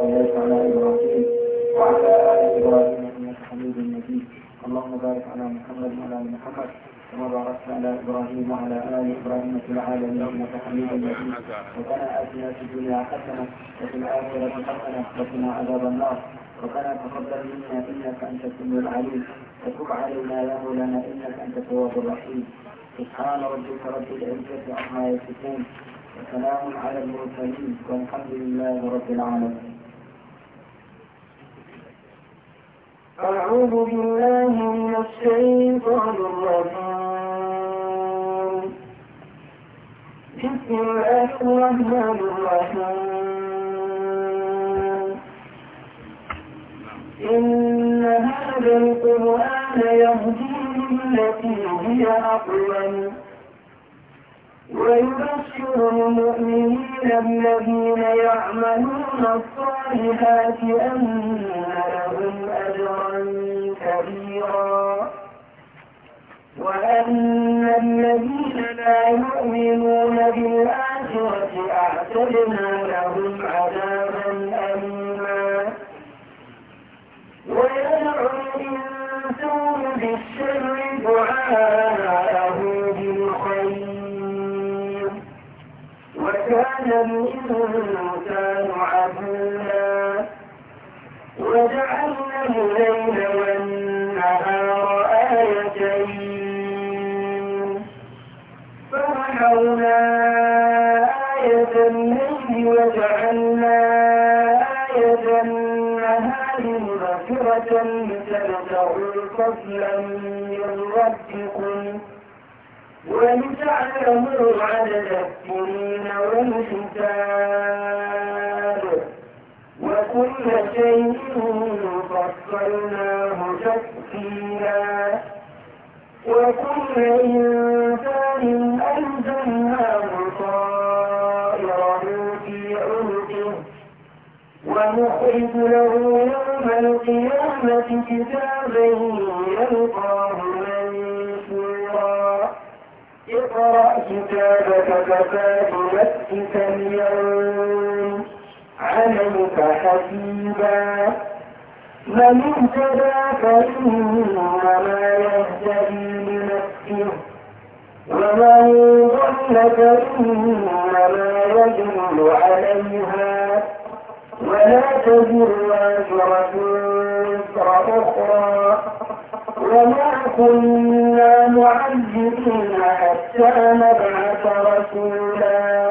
وبارك على إبراهيم وعلى آل إبراهيم إنك حميد مجيد اللهم بارك على محمد وعلى آل محمد كما باركت على إبراهيم وعلى آل إبراهيم في العالمين إنك حميد مجيد ربنا آتنا في الدنيا حسنة وفي الآخرة حسنة وقنا عذاب النار ربنا تقبل منا إنك أنت السميع العليم وتب علينا يا مولانا إنك أنت التواب الرحيم سبحان ربك رب العزة عما يصفون وسلام على المرسلين والحمد لله رب العالمين أعوذ بالله من الشيطان الرجيم بسم الله الرحمن الرحيم إن هذا القرآن يهدي للتي هي أقوم ويبشر المؤمنين الذين يعملون الصالحات أن لهم أجرا كبيرا وأن الذين لا يؤمنون بالآخرة أعتدنا لهم عذابا أليما ويدعو الإنسان بالشر دعاءه بالخير وكان الإنسان عبولا وجعلنا الليل والنهار والنهار آية الليل وجعلنا آية النهار مغفرة لتبتغوا فضلا من ربكم ولتعلموا عدد السنين والحساب وكل شيء فصلناه تفصيلا وكل إنسان انزلناه طائره في عنقه ونخرج له يوم القيامة كتابا يلقاه منشورا اقرأ كتابك كفى بنفسك اليوم عملك حسيبا من اهتدى فإنما يهتدي لنفسه ومن ضل فإنما يدل عليها ولا تزر واجرة وزر أخرى وما كنا معذبين حتى نبعث رسولا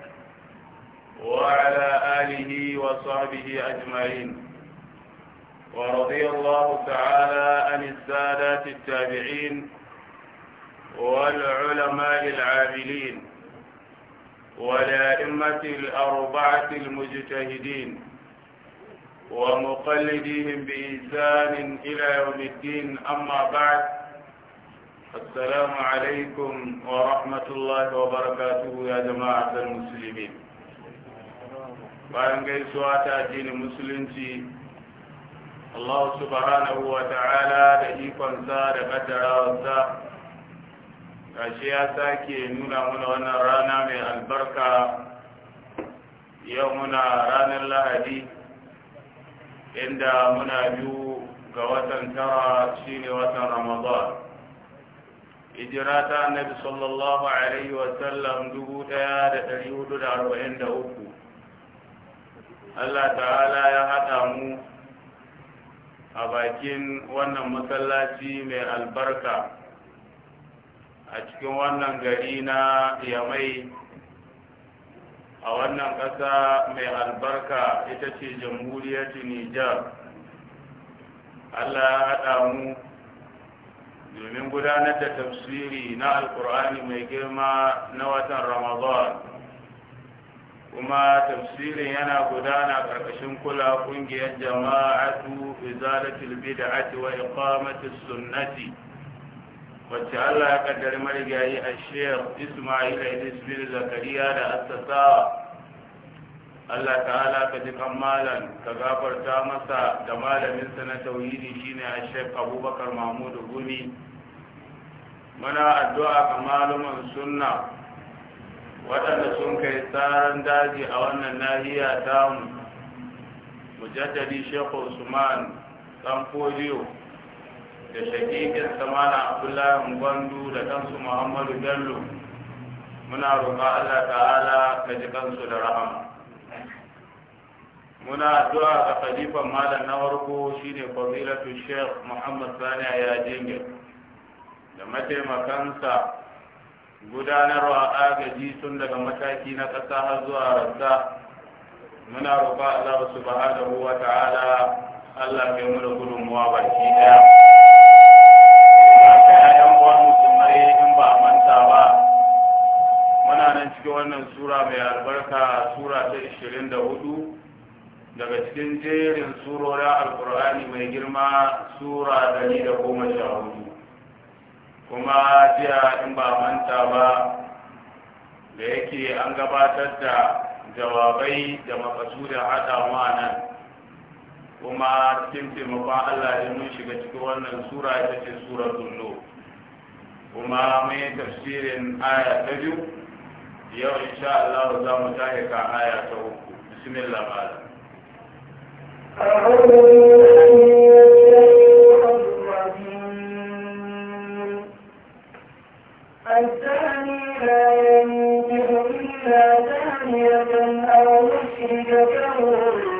وعلى آله وصحبه أجمعين ورضي الله تعالى عن السادات التابعين والعلماء العاملين والأئمة الأربعة المجتهدين ومقلديهم بإنسان إلى يوم الدين أما بعد السلام عليكم ورحمة الله وبركاته يا جماعة المسلمين bayan gaisuwa ta addinin musulunci Allah subhanahu wa ta'ala da ikonsa da kaddarawarsa gashi ya sake nuna muna wannan rana mai albarka yau muna ranar lahadi inda muna biyu ga watan tara shine watan ramadan hijira ta annabi sallallahu alaihi wa sallam dubu ɗaya da hudu da arba'in da uku Allah ta'ala ya haɗa mu a bakin wannan masallaci mai albarka a cikin wannan gari na yamai a wannan ƙasa mai albarka ita ce jamhuriyar nijar Allah ya haɗa mu domin gudanar da tafsiri na alkur'ani mai girma na watan ramadan kuma tafsirin yana gudana karkashin kula kungiyar jama'atu izalatul bid'ati wa iqamatis sunnati wacce Allah ya kaddari marigayi a Sheikh Ismail Idris bin Zakariya da Assasa Allah ta'ala ka ji kammalan, ka gafarta masa da malamin sa na tauhidi shine a Sheikh Abubakar Mahmud Gumi muna addu'a ga malaman sunna waɗanda sun kai tsaron daji a wannan nahiya mu, mujaddadi shekhu usman dan foliyo da shakikin samana abdullahi gwandu da ɗansu muhammadu bello muna roƙa allah ta'ala ka ji kansu da rahama muna addu'a ga khalifan malam na farko shine fadilatu sheikh muhammad sani ya yajin da mataimakansa gudanarwa agaji tun daga mataki na ƙasa har zuwa rassa muna roƙa Allah subhanahu wa ta'ala Allah ya mu da gudunmuwa baki daya haka musulmai in ba manta ba muna nan cikin wannan sura mai albarka sura ta 24 daga cikin jerin surorin alkur'ani mai girma sura 114 kuma jiya in ba manta ba da yake an gabatar da jawabai da makasuda hada ma nan kuma cikin taimakon Allah ya mun shiga cikin wannan sura ita ce sura tullo kuma mun tafsirin aya ta biyu yau insha Allah za mu tashi aya ta uku bismillah ba'ala أعوذ بالله الثاني لا ينكح إلا ثانية أو مشركة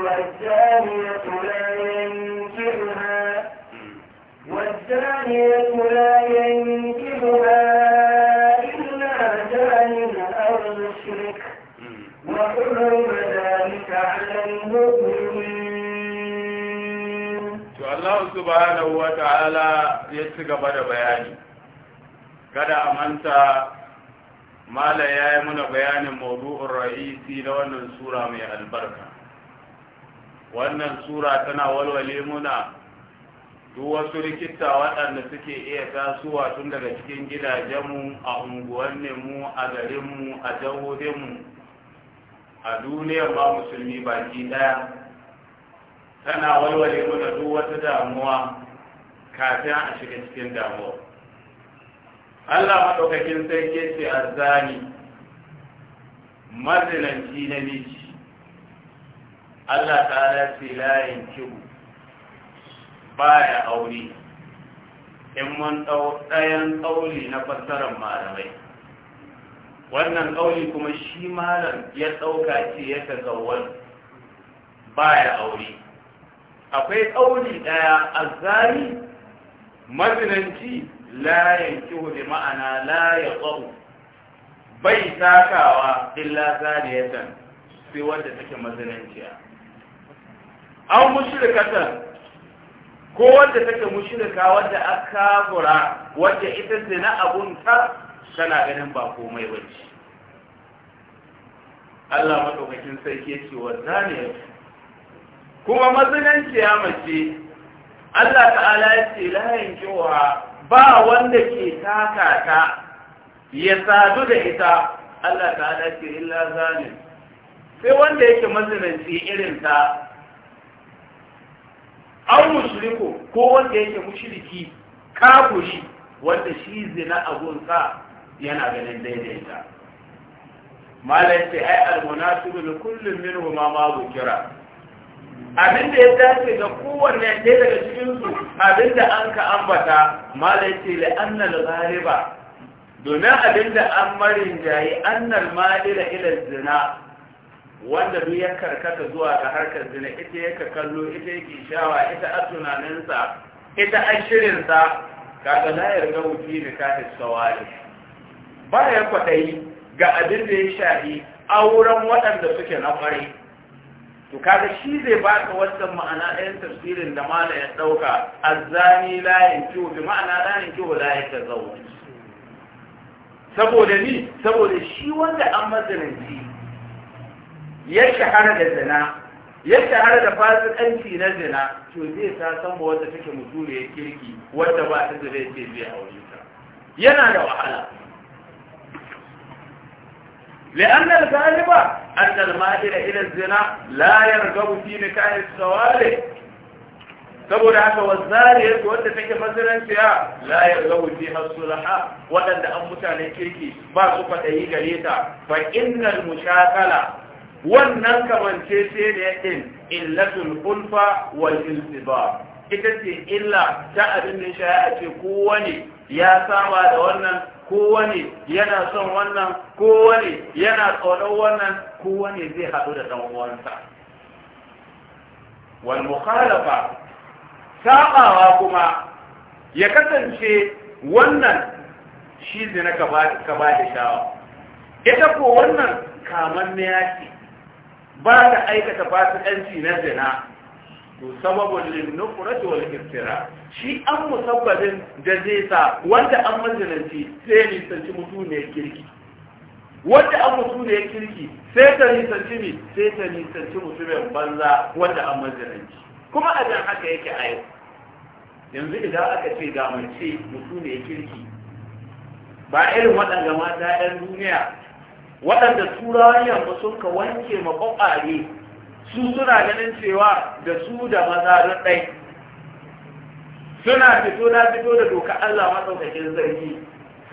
والثانية لا ينكحها والثانية لا ينكحها إلا ثاني أو مشرك وحرم ذلك على المؤمنين. الله سبحانه وتعالى يتقبل بياني kada a manta mala ya yi mana bayanin maudu'un ra'isi na wannan sura mai albarka wannan sura tana walwale muna duk wasu rikita waɗanda suke iya tasowa tun daga cikin gidajenmu a unguwanninmu a garinmu a jahohinmu a duniyar ba musulmi baki ɗaya tana walwale muna duk wata damuwa kafin a shiga cikin damuwa Allah maɗaukakin sai ke ce azzani mazinanci na miji Allah ta'ala ce layin kibu ya aure in mun ɗayan ƙauli na fassarar malamai wannan ƙauli kuma shi malam ya ɗauka ce ya Ba ya aure akwai ƙauli ɗaya azzani mazinanci la yankihu bi ma'ana la yaqahu bai sakawa illa zaniyatan sai wanda take mazinanciya aw mushrikatan ko wanda take mushrika wanda aka gura wanda ita zina abun ta tana ganin ba komai bace Allah madaukakin sarki yake wa zaniyatan kuma ya mace Allah ta'ala yake ce la yankiwa ba wanda ke taka ta ya sadu da ita Allah ta'ala ce illa zalim sai wanda yake mazinanci irin ta an mushriku ko wanda yake mushriki kafuri wanda shi zina sa, yana ganin daidaita malam ce ai almunafiqu li kullin minhu ma ma bukira abinda ya dace ga kowanne ɗaya daga cikinsu abinda an ka ambata malai ce annal ghaliba domin abinda an marin jayi annal malila ila zina wanda duk ya karkata zuwa ga harkar zina ita yake kallo ita yake shawa ita a tunaninsa ita a shirinsa kaga na yarda wuce ne ka sawari ba ya kwatai ga abin da ya a auren waɗanda suke na ƙwarai to kaga shi zai baka wannan ma'ana ɗayan tafsirin da mala ya ɗauka azzani la yankihu bi ma'ana la yankihu la yatazawwaj saboda ni saboda shi wanda an mazalanci ya shahara da zina ya shahara da fasikanci na zina to zai ta san wanda take mutuniyar kirki wanda ba ta zai ce zai aure ta yana da wahala لأن الغالبة أن المائل إلى الزنا لا يرغب في نكاح الصوالح سبب عفا والزاري وانت لك في فزر انتها لا يغلو فيها الصلحاء ولا لأمتا لكيكي ما سفت أي قليتا فإن المشاكلة والنك من شيسين يأتن إلا الألفة والإلتباع إذا إلا تأذن شاءة كواني يا سعوى دولنا kowane yana son wannan kowane yana tsoron wannan kowane zai haɗu da ɗan uwansa wal mukhalafa sabawa kuma ya kasance wannan shi zina ka ba da shawa ita ko wannan kaman ne yaki ba ta aikata fasikanci na zina to sababun linnufurati wal iftira shi an musabbabin da zai sa wanda an mazalanci sai nisanci mutu ne kirki wanda an mutu ne kirki sai ta nisanci ne sai ta nisanci mutumin banza wanda an mazalanci kuma a dan haka yake a yau yanzu idan aka ce ga mace mutu ne kirki ba irin waɗanda mata 'yan duniya waɗanda turawan yamma sun ka wanke maƙwaƙware su suna ganin cewa da su da maza don ɗai suna fito na fito da doka Allah matsaukakin zargi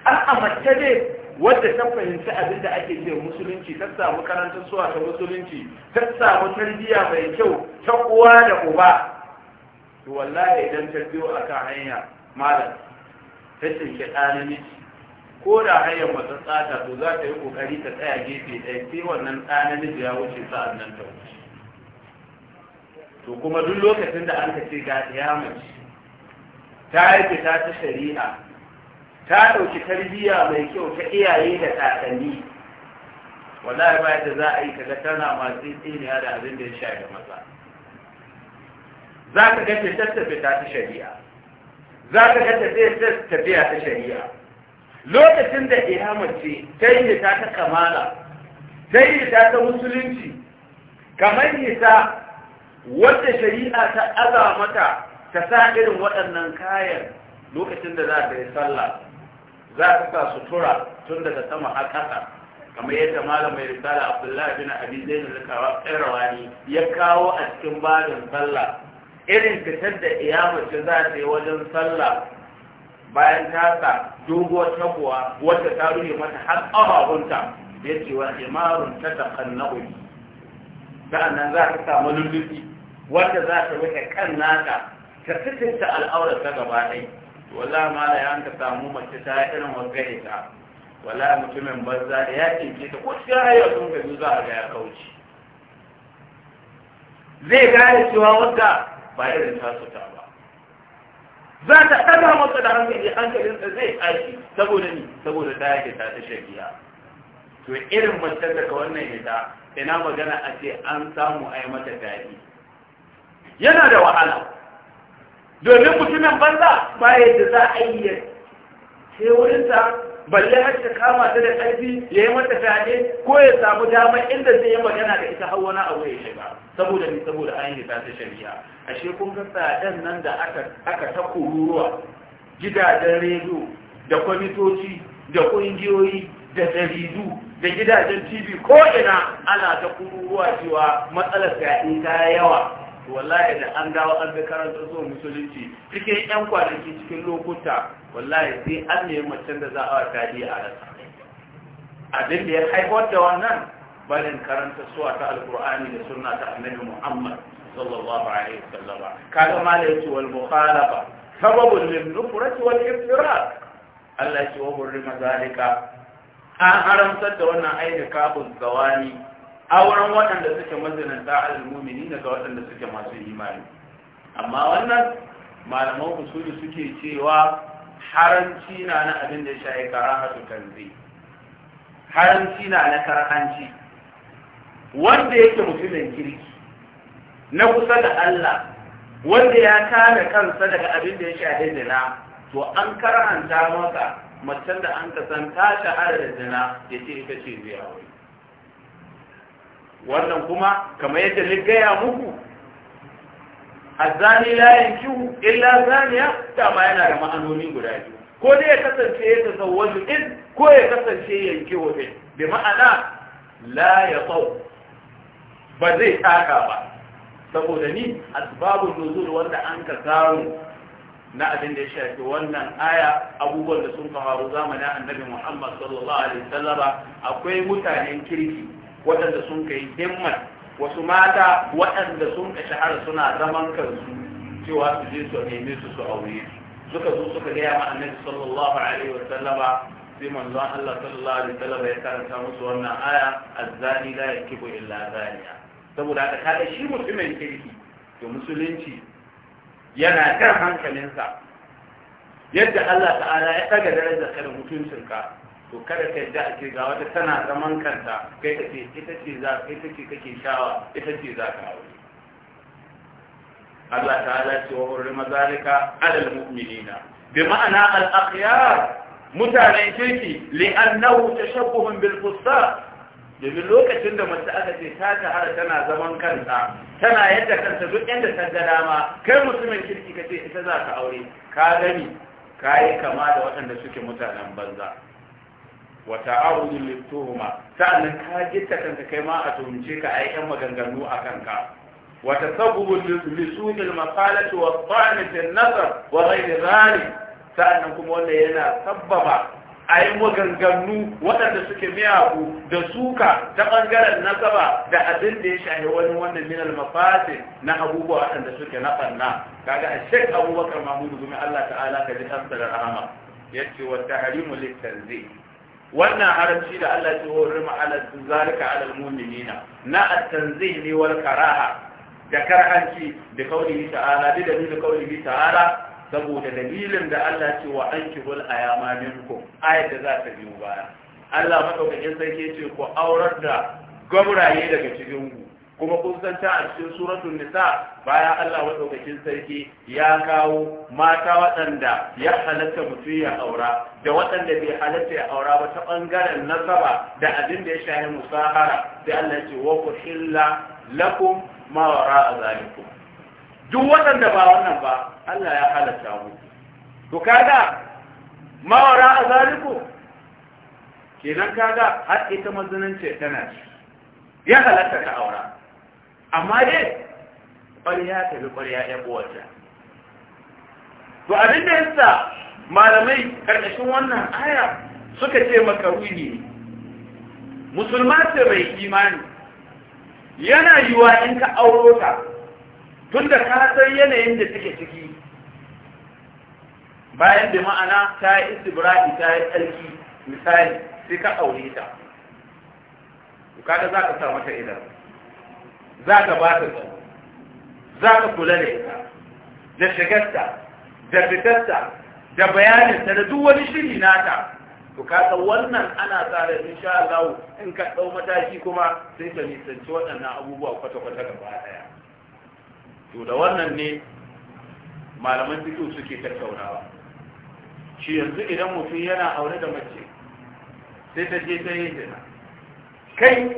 An mace ne wadda ta fahimci abin da ake ce musulunci ta samu karantar suwa ta musulunci ta samu tarbiyya mai kyau ta uwa da uba to wallahi idan ta biyo kan hanya malam ta cinke ɗanamiji ko da hanyar matsatsa ta to za ta yi ƙoƙari ta tsaya gefe ɗaya sai wannan ɗanamiji ya wuce sa'an nan ta wuce to kuma duk lokacin da an ka ce ga ta yake ta ta shari'a ta ɗauki tarbiyya mai kyau ta iyaye da kakanni wallahi ba yadda za a yi kaga tana masu tsiniya da abin da ya shafi maza za ka ga ta tattafe ta ta shari'a za ka ga ta tafiya ta shari'a lokacin da ihamace ta yi ta ta kamala ta yi ta ta musulunci kamar yi ta wadda shari'a ta aza mata ta sa irin waɗannan kayan lokacin da za ta yi sallah za ka sa sutura tun daga sama har ƙasa kamar yadda malam mai risala abdullahi bin zai na zakawa tsairawani ya kawo a cikin babin sallah irin fitar da iyamace za ta yi wajen sallah bayan ta sa doguwar tabuwa wadda ta rufe mata har ƙafafunta ya ce wa imarun ta takannabi nan za ka samu lullufi wanda za ka wuce kan naka ta sitinta al'aurar ta gaba ɗai wala ma da ya ka samu mace ta irin wagga ta. wala mutumin banza da ya cinke ta ko cikin hayar sun gazu za a ga ya kauce zai gane cewa wadda ba irin tasu ta ba za ta ɗaga masa da hankali hankalin da zai aiki saboda ni saboda ta yake ta ta shafiya to irin macen daga wannan ita ina magana a ce an samu a mata daɗi yana da wahala domin mutumin banza ba da za a yi ya sai wurinsa balle har ta kama ta da ƙarfi ya yi mata fyaɗe ko ya samu damar inda zai yi magana da ita har wani abu ya ba saboda ni saboda an yi ta shari'a ashe kun ga tsadan nan da aka aka ta kururuwa gidajen rediyo da kwamitoci da ƙungiyoyi da jaridu da gidajen tv ko ina ana ta kururuwa cewa matsalar fyaɗe ta yawa wallahi da an dawo an fi karanta zuwa musulunci cikin yan kwanaki cikin lokuta wallahi sai an nemi macen da za a fyaɗe a rasa abin da ya haifar da wannan barin karanta suwa ta alkur'ani da suna ta annabi muhammad sallallahu alaihi wasallama kaga ma da wal mukhalafa sababun lin nufrati wal iftirak Allah ya ce wa burri mazalika an haramtar da wannan aini kafin gawani auren waɗanda suke mazinanta al-mumini daga waɗanda suke masu imani amma wannan malaman usuli suke cewa haramci na na abin da shayi kan tanzi haramci na na karhanci wanda yake mutumin kirki na kusa da Allah wanda ya kare kansa daga abin da ya da na, to an karhanta masa macen da an kasan ta shahara da zina ya ce ita ce zuwa wannan kuma kamar yadda ni gaya muku azani la yankihu illa zaniya dama yana da ma'anoni guda biyu ko dai ya kasance ya tazawwaju in ko ya kasance yankihu in bi ma'ana la ya tsau ba zai taka ba saboda ni asbabun nuzul wanda an ka samu na abin da ya shafi wannan aya abubuwan da sun faru zamanin annabi Muhammad sallallahu alaihi wasallama akwai mutanen kirki waɗanda sun kai himmat wasu mata waɗanda sun ka shahara suna zaman kansu cewa su je su neme su su aure suka zo suka gaya ma annabi sallallahu alaihi wasallama sai manzon Allah sallallahu alaihi wasallama ya karanta musu wannan aya azzani la yakibu illa zaniya saboda haka kada shi mutumin kirki to musulunci yana kan hankalinsa yadda Allah ta'ala ya daga darajar ka mutuncin mutuncinka to kada ka yadda ake ga wata tana zaman kanta kai ka ce ita ce za ita ce kake shawa ita ce za ka aure Allah ta'ala ce wa hurri mazalika alal mu'minina bi ma'ana al-akhyar mutanen kirki li'annahu tashabbuhun bil fusta domin lokacin da mace aka ce ta shahara tana zaman kanta tana yadda kanta duk yadda ta ga dama kai mutumin kirki ka ce ita za ka aure ka gani ka yi kama da waɗanda suke mutanen banza wata arunin littuhuma sa'annan ka gitta kanka kai ma a tuhumce ka a yi maganganu a kanka wata sabubu lissuhil maqalati wa tsanifin nasar wa ghairi zalik sa'annan kuma wanda yana sabbaba a yi maganganu waɗanda suke miyagu da suka ta ɓangaren nasaba da abin da ya shahi wani wannan minal mafasi na abubuwa waɗanda suke na ɓanna kaga a shek abubakar mahmudu gumi allah ta'ala ka ji ɗansa da rahama ya ce wa tahrimu littanzi wannan haramci da allah ya horar ma ala zalika ala mu'minina na at-tanzih ne wal karaha da karhanci da kaulihi ta'ala da dalilin kaulihi ta'ala saboda dalilin da Allah ce wa an kihul a yama minku ayat da za ta biyu baya Allah maɗaukakin sarki ce ku aurar da gauraye daga cikinku. kuma kun san ta a cikin suratul nisa bayan Allah maɗaukakin sarki ya kawo mata waɗanda ya halatta mutum ya aura da waɗanda bai halatta ya aura ba ta ɓangaren nasaba da abin da ya shahi musahara sai Allah ce wa ku hilla lakum ma wara'a zalikum duk waɗanda ba wannan ba Allah ya halatta mu to kaga mawara a zaliku kenan kaga har ita mazinance tana ci ya halatta ka aura amma dai ƙwarya ta bi ƙwarya ya kowace to abin da yasa malamai ƙarƙashin wannan aya suka ce makaruhi musulma ce mai imani yana yiwa in ka auro ta tun da ka san yanayin da suke ciki bayan da ma'ana ta yi istibra'i ta yi tsarki misali sai ka aure ta kada za ka sa mata idan za ka ba ta tsaro za ka kula da ita da shigarta da fitarta da bayaninta da duk wani shiri nata to ka san wannan ana tsara sha Allah in ka dau mataki kuma sai ka nisanci waɗannan abubuwa kwata-kwata gaba ɗaya. to da wannan ne malaman fiƙi suke tattaunawa shi yanzu idan mutum yana aure da mace sai ta je ta yi zina kai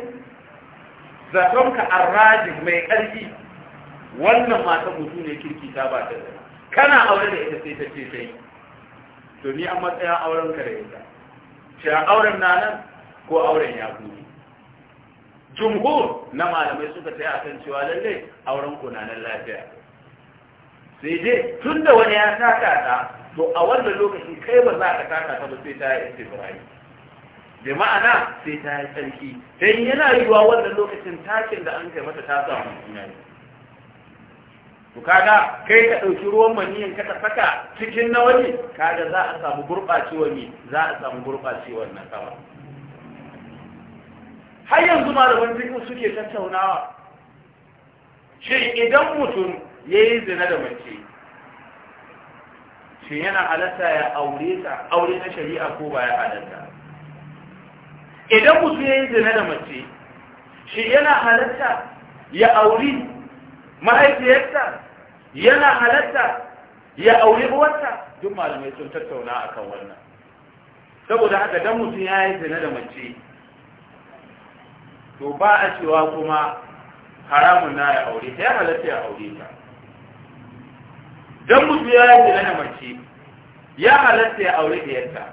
zatonka arrajin mai ƙarfi wannan mata mutu ne kirki ta ba ta zina kana aure da ita sai ta ce ta yi to ni an matsaya auren ka da ita shi auren na ko auren ya kuni jumhur na malamai suka ta yi akan cewa lalle auren kunanan lafiya sai dai tun da wani ya taka ta to a wannan lokaci kai ba za ka taka ta ba sai ta yi istifirai da ma'ana sai ta yi tsarki sai yana yiwuwa wannan lokacin takin da an kai mata ta samu yanayi to kaga kai ka ɗauki ruwan maniyan ka saka cikin na wani kaga za a samu gurbacewa ne za a samu gurɓacewar na sama har yanzu malaman fiqh suke tattaunawa shi idan mutum ya yi zina da mace shi yana halatta ya aure ta aure na shari'a ko ba ya halatta idan mutum ya yi zina da mace shi yana halatta ya auri mahaifiyarta yana halatta ya auri uwarta duk malamai sun tattauna akan wannan saboda haka dan mutum ya yi zina da mace to ba a cewa kuma haramun na ya aure ta ya halatta ya aure ta dan mutu ya yi na da mace ya halatta ya aure diyarta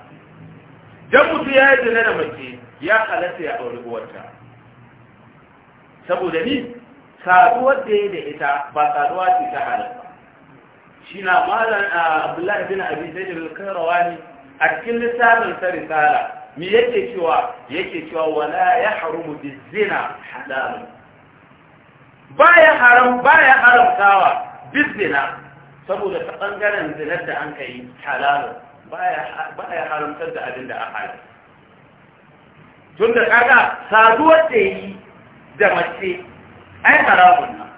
don mutu ya yi na da mace ya halatta ya aure uwarta saboda ni saduwar da ya da ita ba saduwa ce ta halatta shi na malam ah, abdullahi bin abi zaid al ne, a cikin lissafin sa risala mi yake cewa yake cewa wala ya harumu bizina halalun baya haram baya haramtawa bizina saboda ta bangaren zinar da an kai halalun baya baya haramtar da abin da a hali tun da kaga saduwar da yi da mace ai haramun nan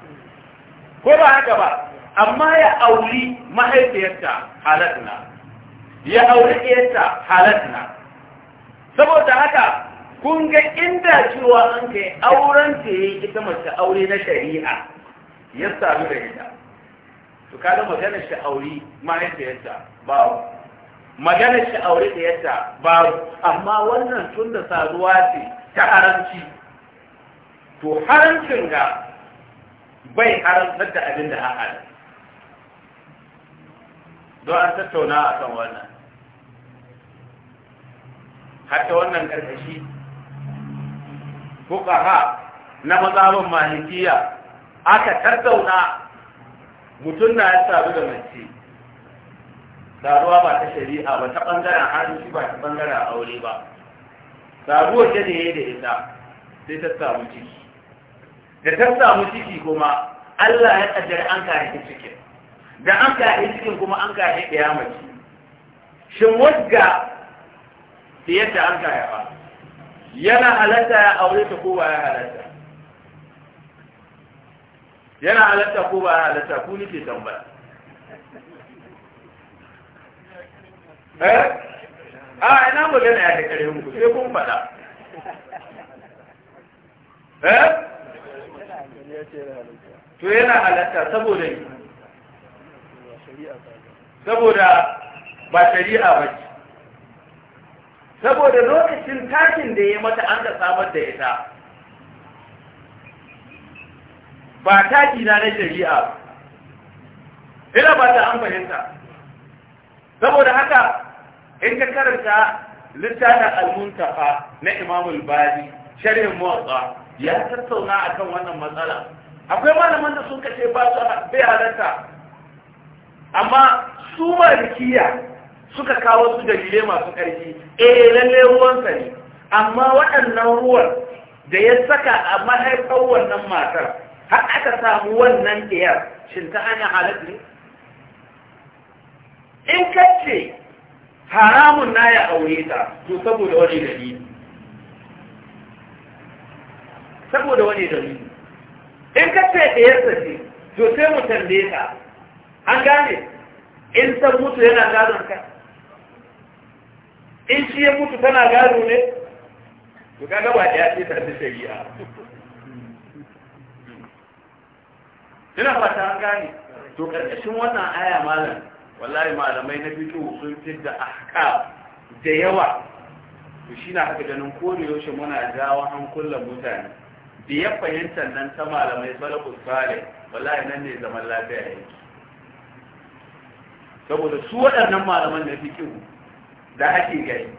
ko ba haka ba amma ya auri mahaifiyarta halatna ya auri ɗiyarta halatna saboda haka kun ga inda cewa an kai auren ta yi ita mace aure na shari'a ya sami da ita to kada maganar shi aure mahaifiyarta babu maganar shi aure da yadda babu amma wannan tun da saduwa ce ta haramci to haramcin ga bai haramtar da abin da haɗa don an tattauna a kan wannan hatta wannan karkashi fuqaha na mazhabin malikiya aka tattauna mutum na ya sabu da mace saruwa ba ta shari'a ba ta bangaren harin ba ta bangaren aure ba saduwa ta ne da ita sai ta samu ciki da ta samu ciki kuma Allah ya kaddara an kare cikin da an kare cikin kuma an kare ɗaya mace shin wadda da yadda an ka haifa yana halatta ya aure ta ko ba ya halatta yana halatta ko ba ya halatta ku ke tambaya eh a ah, ina magana ya kare muku sai kun faɗa eh to yana halatta saboda saboda ba shari'a ba ce saboda lokacin takin da ya mata an da samar da ita ba taki na na shari'a ina ba ta an fahimta saboda haka in ka karanta littafin al-muntafa na al bari sharhin muwatta ya tattauna akan wannan matsala akwai malaman da sun kace ba su bai halarta amma su malikiya suka kawo su dalilai masu ƙarfi eh lalle ruwansa ne amma waɗannan ruwan da ya saka a mahaifar wannan matar har aka samu wannan ɗiyar shin ta hanyar halittu ne in kace haramun na ya aure ta to saboda wani dalili saboda wani dalili in kace ɗiyarsa ce to sai mu tambaye ta an gane in san mutu yana gazon ka in shi ya mutu tana gado ne to gaba da ya ce ta shari'a ina fata an gane to karkashin wannan aya malam wallahi malamai na fito sun fidda ahkam da yawa to shi na haka ganin kore yaushe muna jawo hankulan mutane da ya fahimta nan ta malamai salafus salih wallahi nan ne zaman lafiya yake saboda su waɗannan malaman na fikihu da ake gani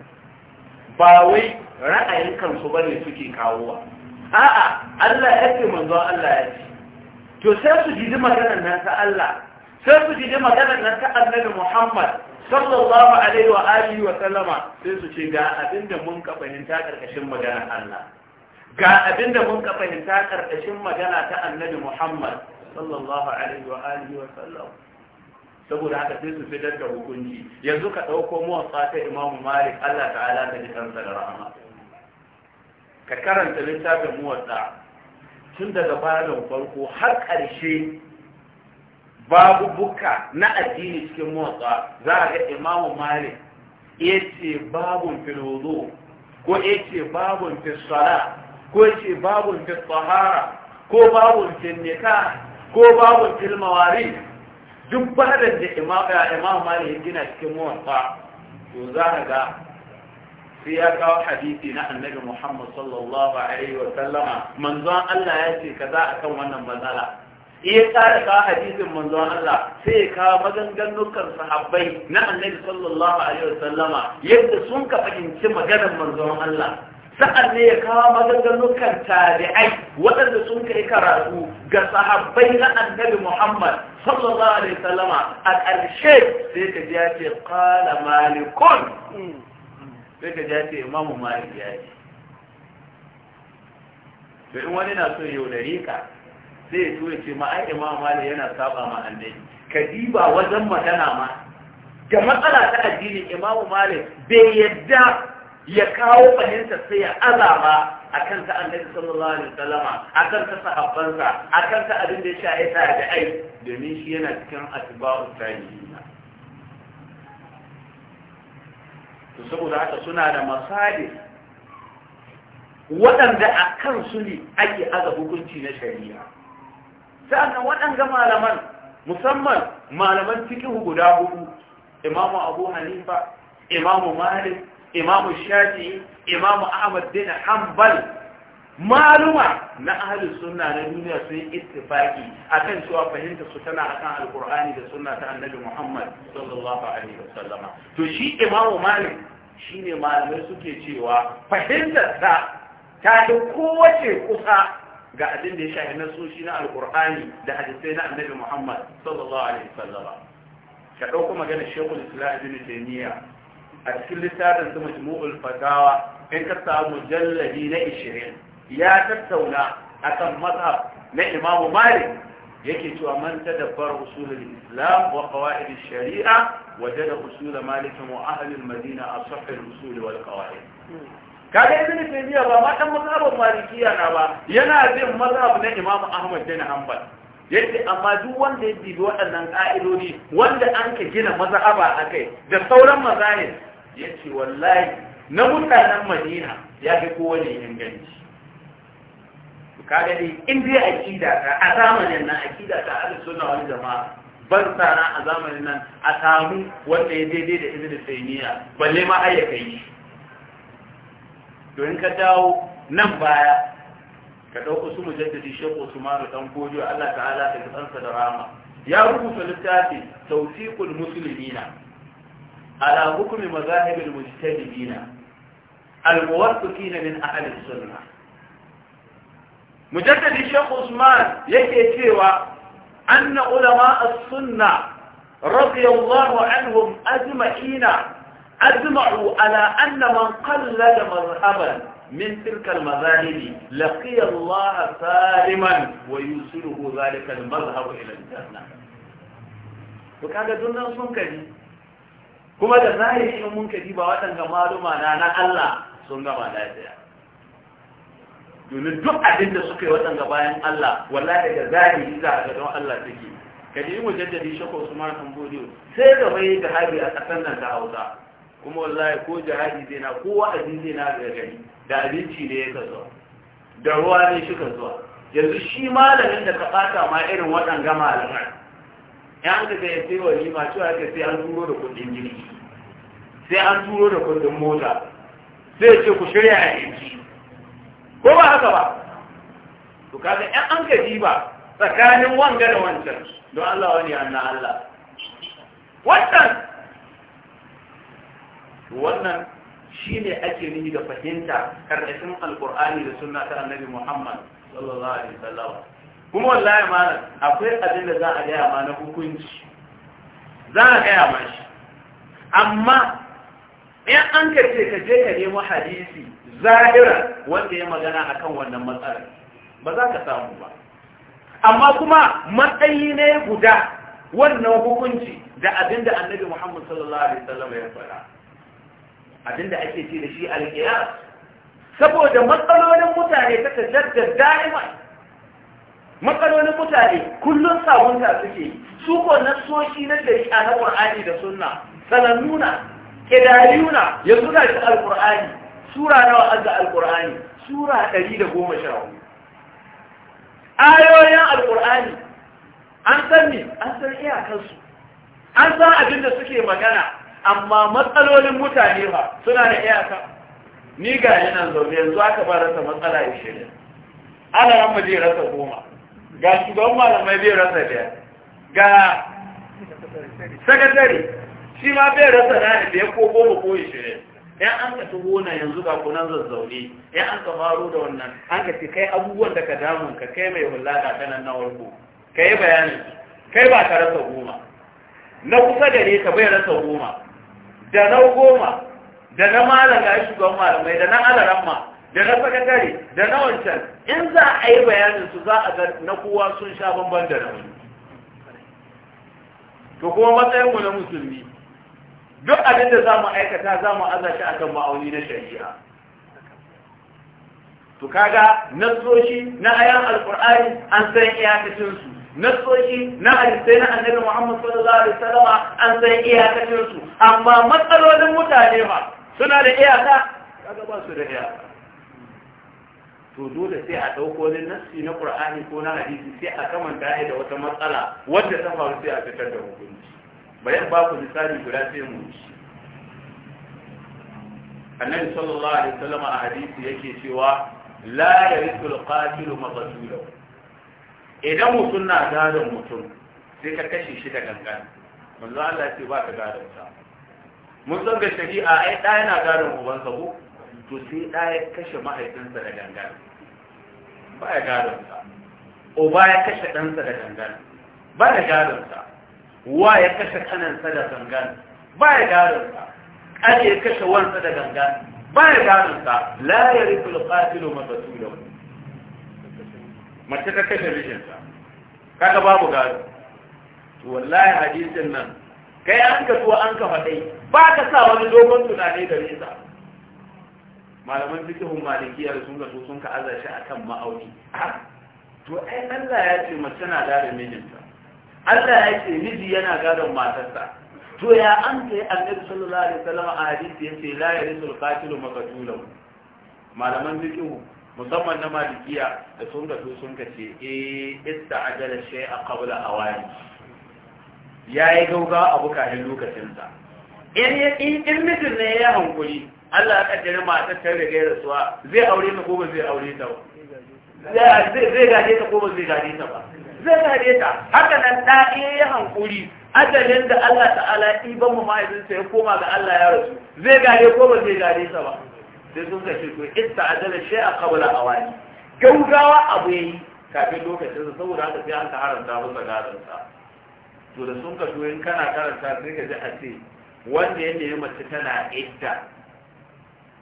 ba wai ra'ayin kansu ba ne suke kawowa a'a Allah ya ce manzo Allah ya ce to sai su jiji maganar nan ta Allah sai su jiji maganar nan ta Annabi Muhammad sallallahu alaihi wa alihi wa sallama sai su ce ga abinda mun ka fahimta karkashin maganar Allah ga abinda mun ka fahimta karkashin magana ta Annabi Muhammad sallallahu alaihi wa alihi wa sallama saboda haka sai su fitar da hukunci yanzu ka ɗauko muwatsa ta imamu malik allah ta'ala ta ji kansa da rahama ka karanta littafin wasa. tun daga bayanin farko har ƙarshe babu buka na addini cikin motsa za a ga imamu malik ya ce babun filozo ko ya ce babun fisara ko ya ce babun fisahara ko babun finnika ko babun filmawari duk baharar da imam mali ya gina cikin mawafa to za a ga sai ya kawo hadisi na annabi muhammad sallallahu alaihi wa sallama manzon allah ya ce a kan wannan matsala iya kare kawo hadisin manzon Allah sai ya kawo maganganukan sahabbai na annabi sallallahu alaihi wa wasallama yadda sun ka fahimci maganar manzon Allah Sa'ad ne ya kawo maganganukan tabi'ai waɗanda sun kai karatu ga sahabbai na annabi Muhammad sallallahu alaihi wasallama a ƙarshe sai ka ji ya ce qala malikun sai ka ji ya ce imamu malik ya ce to in wani na so yau da rika sai ya so ce ma ai imamu malik yana saba ma annabi ka diba wajen magana ma ga matsala ta addini imamu malik bai yadda ya kawo fahimta sai ya azama a kan ta annabi sallallahu alaihi wasallama a kan ta sahabbansa a kan ta abin da ya sha ita da ai domin shi yana cikin atba'u tabi'ina to saboda haka suna da masali waɗanda a kan su ne ake aza hukunci na shari'a an waɗanda malaman musamman malaman cikin guda hudu imamu abu hanifa imamu malik imamu shafi imamu ahmad bin hanbal maluma na ahalin sunna na duniya sun yi ittifaki akan cewa fahimta su tana akan alkur'ani da sunna ta annabi muhammad sallallahu alaihi wasallama to shi imamu malik shine malamai suke cewa fahimtar ta ta yi kowace kusa ga abin da ya shahi na soshi na alkur'ani da hadisai na annabi muhammad sallallahu alaihi wasallama ka ɗauko maganar shekul islam ibn taymiya a cikin littafin su majmu'ul fatawa in ka samu jallabi na 20 ya tattauna akan mazhab na Imam malik yake cewa man da usulul islam wa qawaid ash-shari'a wajada usul malik wa ahli al-madina asah al-usul wal qawaid kaga ibn taymiya ba ma dan mazhabin malikiya na ba yana bin mazhab na Imam ahmad bin hanbal yadda amma duk wanda ya bibi waɗannan ƙa'idodi wanda an ka gina mazhaba a kai da sauran mazahib ya ce wallahi na mutanen madina ya fi kowane inganci ka gani in dai akida a zamanin nan akida ta a suna wani jama'a ban tsara a zamanin nan a samu wanda ya daidai da izini taymiya balle ma ayyaka ya kai don ka dawo nan baya ka ɗauka su mu mujaddidi shehu usman dan gojo Allah ta'ala ta tsansa da rama ya rubuta littafi tawfiqul musulmina. على حكم مذاهب المجتهدين الموثقين من أهل السنة مجدد الشيخ عثمان يكتب أن علماء السنة رضي الله عنهم أجمعين أجمعوا على أن من قلد مذهبا من تلك المذاهب لقي الله سالما ويوصله ذلك المذهب إلى الجنة وكان دون سنكري kuma da zahiri in mun kaji ba waɗanda maluma na na Allah sun gama lafiya domin duk abin da suka yi waɗanda bayan Allah wallahi da zahiri za a gadon don Allah take kaji mu jaddadi shakko Usman Tambodiyo sai da mai da a ƙasar nan ta Hausa kuma wallahi ko jihadi zai na ko wa'azi zai na ga gari da abinci ne ya zuwa da ruwa ne shi ka zuwa yanzu shi malamin da ka fata ma irin waɗanga malamai ya an daga ya sai walima cewa ya sai an turo da kudin jini, sai an turo da kudin mota sai ce ku shirya a yanki ko ba haka ba to kaga yan an gaji ba tsakanin wanga da wancan don Allah wani an na Allah wannan wannan shi ne ake nuni da fahimta karkashin Alƙur'ani da sunna ta annabi muhammad sallallahu alaihi wasallam kuma wallahi malam akwai abin da za a gaya ma na hukunci za a gaya ma shi amma in an ka ce ka je ka nemo hadisi zahira wanda ya magana a kan wannan matsalar ba za ka samu ba amma kuma matsayi ne guda wannan hukunci da abin da annabi Muhammad sallallahu alaihi wasallam ya faɗa abin da ake ce da shi alƙiyas saboda matsalolin mutane ta tajaddada da'ima matsalolin mutane kullum sabunta suke su ko na soshi na shari'a na qur'ani da sunna sanannuna kidariyuna yanzu ga shi alqur'ani sura nawa azza alqur'ani sura 110 ayoyin alqur'ani an san ni an san iyakansu an san abin da suke magana amma matsalolin mutane ba suna da iyaka ni ga yanan zaune yanzu aka ba rasa matsala 20 ana ran maje rasa goma ga shugaban malamai bai rasa biya ga sakatari shi ma bai rasa rani da ya ko goma ko ishirin yan an ka tuho na yanzu ga kunan zazzaune yan an ka faro da wannan an ka ce kai abubuwan da ka damun ka kai mai hulaka ta nan na warko ka yi bayanin kai ba ka rasa goma na kusa da ne ka bai rasa goma da na goma da na malam ga shugaban malamai da na alaramma da na sakatare da na wancan in za a yi bayanin su za a ga na kowa sun sha bamban da na to kuma matsayinmu na musulmi duk abin da za mu aikata za mu aza shi akan ma'auni na shari'a to kaga nasoshi na ayan alkur'ani an san iyakacin su nasoshi na hadisai na annabi Muhammad sallallahu alaihi wasallama an san iyakacin amma matsalolin mutane ba suna da iyaka kaga ba su da iyaka to dole sai a ɗauko wani nassi na ƙur'ani ko na hadisi sai a kamanta shi da wata matsala wadda ta faru sai a fitar da hukunci bayan ba ku misali guda sai mu ci annabi sallallahu alaihi wasallam a hadisi yake cewa la yarithu al-qatilu maqtulahu idan mutum na gadon mutum sai ka kashe shi da gangan manzo Allah ya ce ba ka gadon sa mun san ga shari'a ai da yana gadon ubansa ko to sai ɗa ya kashe mahaifinsa da gangan ba ya gadonsa uba ya kashe ɗansa da gangan ba ya gadonsa wa ya kashe kanansa da gangan ba ya gadonsa ƙari ya kashe wansa da gangan ba ya gadonsa la ya rufe alƙatilo mabasu da wani mace ta kashe mijinsa kaga babu gado to wallahi hadisin nan kai an ka tuwa an ka faɗai ba ka sa wani dogon tunani da nisa malaman fikihun malikiyar sun ga sun ka aza shi akan ma'auni to ai Allah ya ce mace na gare mijinta Allah ya ce miji yana gadon matarsa to ya an kai annabi sallallahu alaihi wasallam a hadisi yace la yarisul qatilu maqtulahu malaman fikihu musamman na malikiya da sun ga sun ka ce eh ista'jala shay'a qabla awani yayi gauga abu kafin lokacin sa in in mijin ne ya hankuri Allah ya kaddare matar ta riga da rasuwa zai aure ta ko ba zai aure ta ba zai gaje ta ko ba zai gaje ta ba zai gaje ta haka nan da ya hankuri ajalin da Allah ta'ala iban mu mahaifinsa ya koma ga Allah ya rasu zai gaje ko ba zai gaje ta ba sai sun ka shirko ista ajala shay'a qabla awani gaugawa abu yayi kafin lokacin sa saboda haka sai an ka mun masa gadon sa to da sun ka in kana karanta sai ka ji a ce wanda ya nemi mace tana idda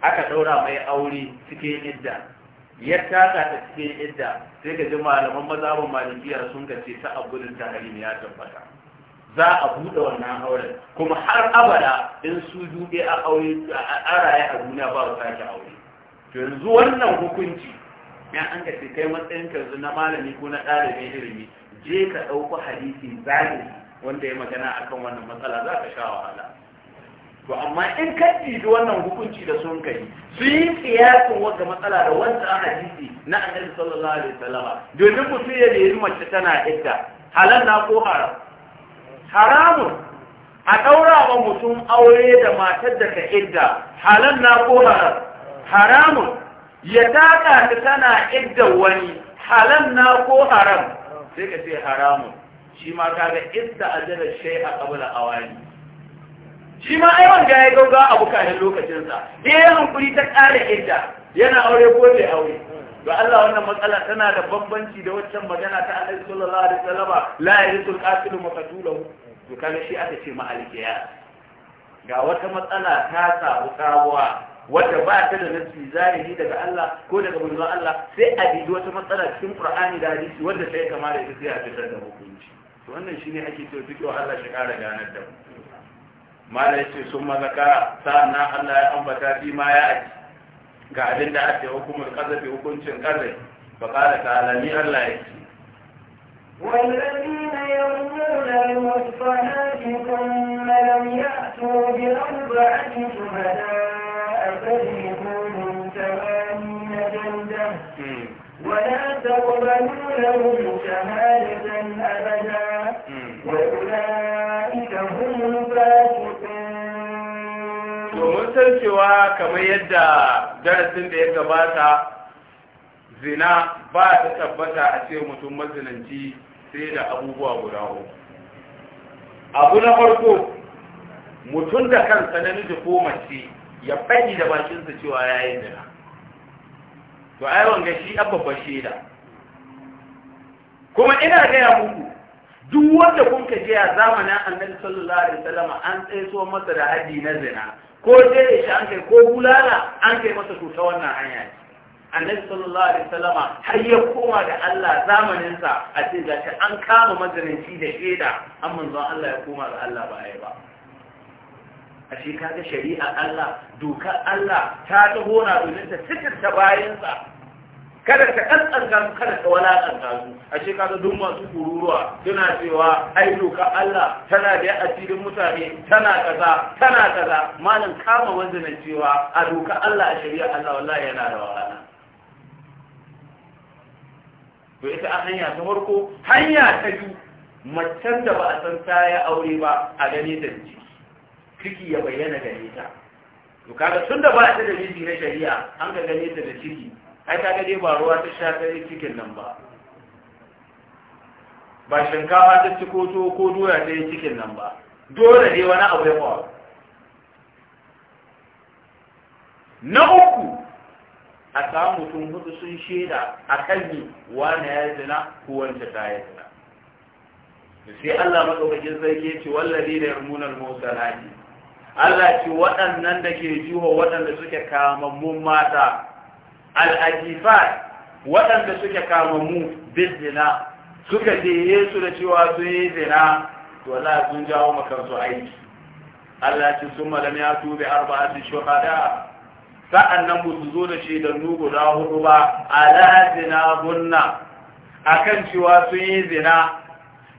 aka ɗaura mai aure cikin idda ya taka ta cikin idda sai ka ji malaman mazhabin malikiya sun kace ta abudin hari ya tabbata za a buɗe wannan auren kuma har abada in su duɗe a aure a araye a duniya ba su sake aure to yanzu wannan hukunci ya an ka kai matsayin yanzu na malami ko na ɗalibin ilimi je ka ɗauko hadisi zahiri wanda ya magana akan wannan matsala za ka sha wahala to amma in ka ɗidi wannan hukunci da sun kai su yi tsiyasin wata matsala da wanda a hadisi na annabi sallallahu alaihi wasallam domin mutum ya yi mace tana idda halal na ko haram haramun a ɗaura wa mutum aure da matar da ka idda halal na ko haram haramun ya taka ta tana idda wani halal na ko haram sai ka ce haramun shi ma kaga idda ajala shay'a qabla awani shi ma ai wanda ya gauga abu lokacin lokacinsa da ya hankuri ta ƙara idda yana aure ko bai aure ga Allah wannan matsala tana da bambanci da waccan magana ta Annabi sallallahu alaihi wasallama la yahisul qatilu maqtulahu to kaga shi aka ce ma'alikiya ga wata matsala ta samu sabuwa wadda ba ta da nasi zahiri daga Allah ko daga manzon Allah sai a bi wata matsala cikin Qur'ani da hadisi wadda sai kamar da sai a fitar da hukunci to wannan shine ake cewa duk Allah shi kara ganar da mu malai ce sun mazakara sa'annan Allah ya ambata fi ma ya aji ga abin da ake hukumar kazafi hukuncin kazai ba kada ta alami Allah ya ce والذين يرمون المحصنات ثم لم يأتوا بأربعة شهداء ثمانين جلدة ولا تقبلوا لهم شهادة أبدا وأولئك san cewa kamar yadda darasin da ya gabata zina ba ta tabbata a ce mutum mazinanci sai da abubuwa guda uku abu na farko mutum da kansa na miji ko ya faɗi da bakinsa cewa ya yi zina to ai wanga shi abba shaida kuma ina gaya muku duk wanda kun ka je a zamanin annabi sallallahu alaihi wasallam an tsaye so masa da haji na zina ko jere shi an kai ko bulala an kai masa cuta wannan hanya ne annabi sallallahu alaihi wasallama har ya koma da Allah zamanin sa a ce gashi an kama mazarinci da sheda an manzon Allah ya koma da Allah ba ai ba a shi kaga shari'a Allah dokar Allah ta taho na domin ta fitar ta bayan sa kada ka kaskanta kada ka walakanta su ashe kaga duk masu kururuwa suna cewa ai doka Allah tana da asirin mutane tana kaza tana kaza malam kama wanda na cewa a doka Allah a shari'a Allah wallahi yana da wahala to ita a hanya ta farko hanya ta biyu macen da ba a san ta ya aure ba a gane da ciki ciki ya bayyana gare ta to kaga tun da ba ta da miji na shari'a an ga gane ta da ciki ai ta gade ba ruwa ta sha ta yi cikin nan ba ba shinkafa ta ci ko tuwo ko doya ta yi cikin nan ba dole ne wani abu ya faru na uku a samu mutum hudu sun shaida a kan ni wani ya zina ko wanda ta yi zina sai Allah madaukakin sarki ya ce wallazi da yarmunal mawsalati Allah ce waɗannan da ke jiho waɗanda suke kamammun mata al'ajifat waɗanda suke kawo mu zina suka je su da cewa sun yi zina to Allah sun jawo su aiki Allah ce sun malam ya tube arba'atin shuhada sa'an nan ba su zo da shaidannu da hudu ba ala zina gunna akan cewa sun yi zina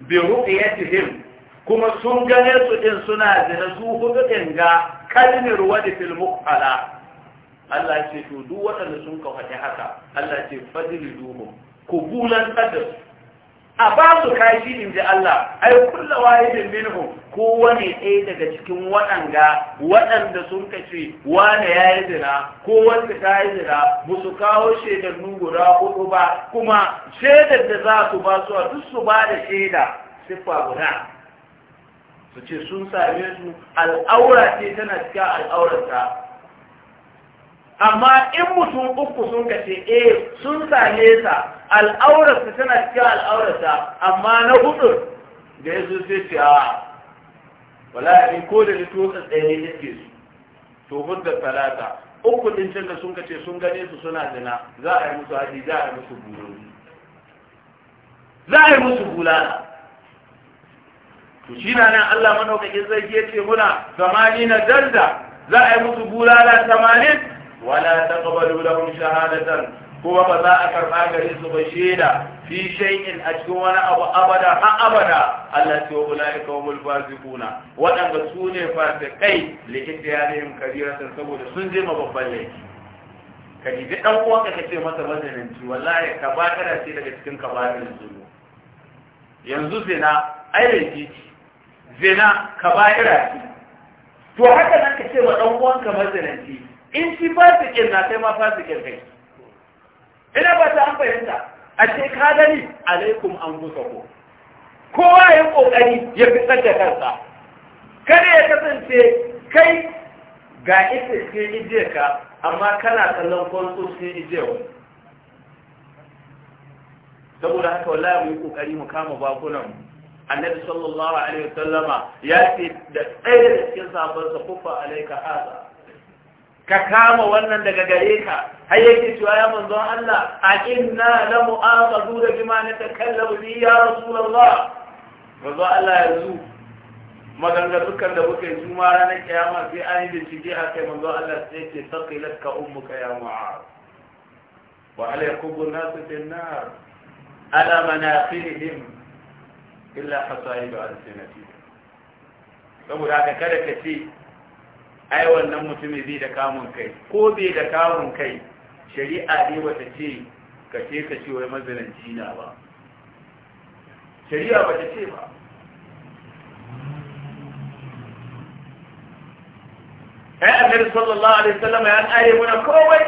bi ruqyatihim kuma sun gane su din suna zina su hudu din ga kalmir da fil muqala Allah ya ce to duk waɗanda sun ka haka Allah ya ce fadliluhum ku bulan da a ba su kashi in ji Allah ai kulla wahidin minhum ko wani ɗaya daga cikin waɗanga waɗanda sun kace wani ya yi zina ko wanda ta yi zina ba su kawo shaidannu guda hudu ba kuma shaidar da za su ba su a duk su ba da shaida siffa guda su ce sun same su al'aura ce tana cikin al'aurarta amma in mutum uku sun kace eh sun same sa al'aurarsa tana cikin al'aurarsa amma na hudu da ya zo sai ce a ah, wala in ko da lito tsaye ne yake su to hudda talata uku din can da sun kace sun gane su suna zina za a yi musu haji za a yi musu bulani za a yi musu bulala to shi na nan Allah manaukakin zai ya ce muna samani na danda za a yi musu bulala samanin. wala taqbalu lahum shahadatan kuma ba za a karɓa gare su ba shaida fi shay'in a cikin wani abu abada har abada Allah ya ce wa ulai kawmul fasiquna waɗanda su ne fasikai li ittiyadihim kabiratan saboda sun je babban laifi ka ji dan uwanka ka ce masa mazalinci wallahi ka ba kada ce daga cikin kabarin zulu yanzu zina ai laifi zina kaba'ira ce to haka nan ka ce wa dan uwanka mazalinci in shi fasikin na sai ma fasikin kai ina ba ta an fahimta a ce ka gani alaikum an gusa ko kowa ya kokari ya fi da kansa kada ya kasance kai ga ita ce ije ka amma kana kallon kwanso ce ije wa saboda haka wallahi mu yi kokari mu kama bakunan mu annabi sallallahu alaihi wasallama ya ce da tsaye da cikin sa kufa alaika hada ka kama wannan daga gare ka har yake cewa ya manzon Allah a inna la mu'aqadu da bima natakallamu bi ya rasulullah manzon Allah ya yanzu maganga dukkan da muke su ma ranar kiyama sai an yi bincike a kai manzon Allah sai ce saqilat ka ummuka ya mu'az wa hal yakubu nasu fi nar ala manaqihim illa hasaiba al-sinati saboda haka kada ka ce ai wannan mutumin bai da kamun kai ko bai da kamun kai shari'a ne wata ce ka ce ka ce wai mazalanci na ba shari'a bata ce ba ai annabi sallallahu alaihi wasallam ya aye muna komai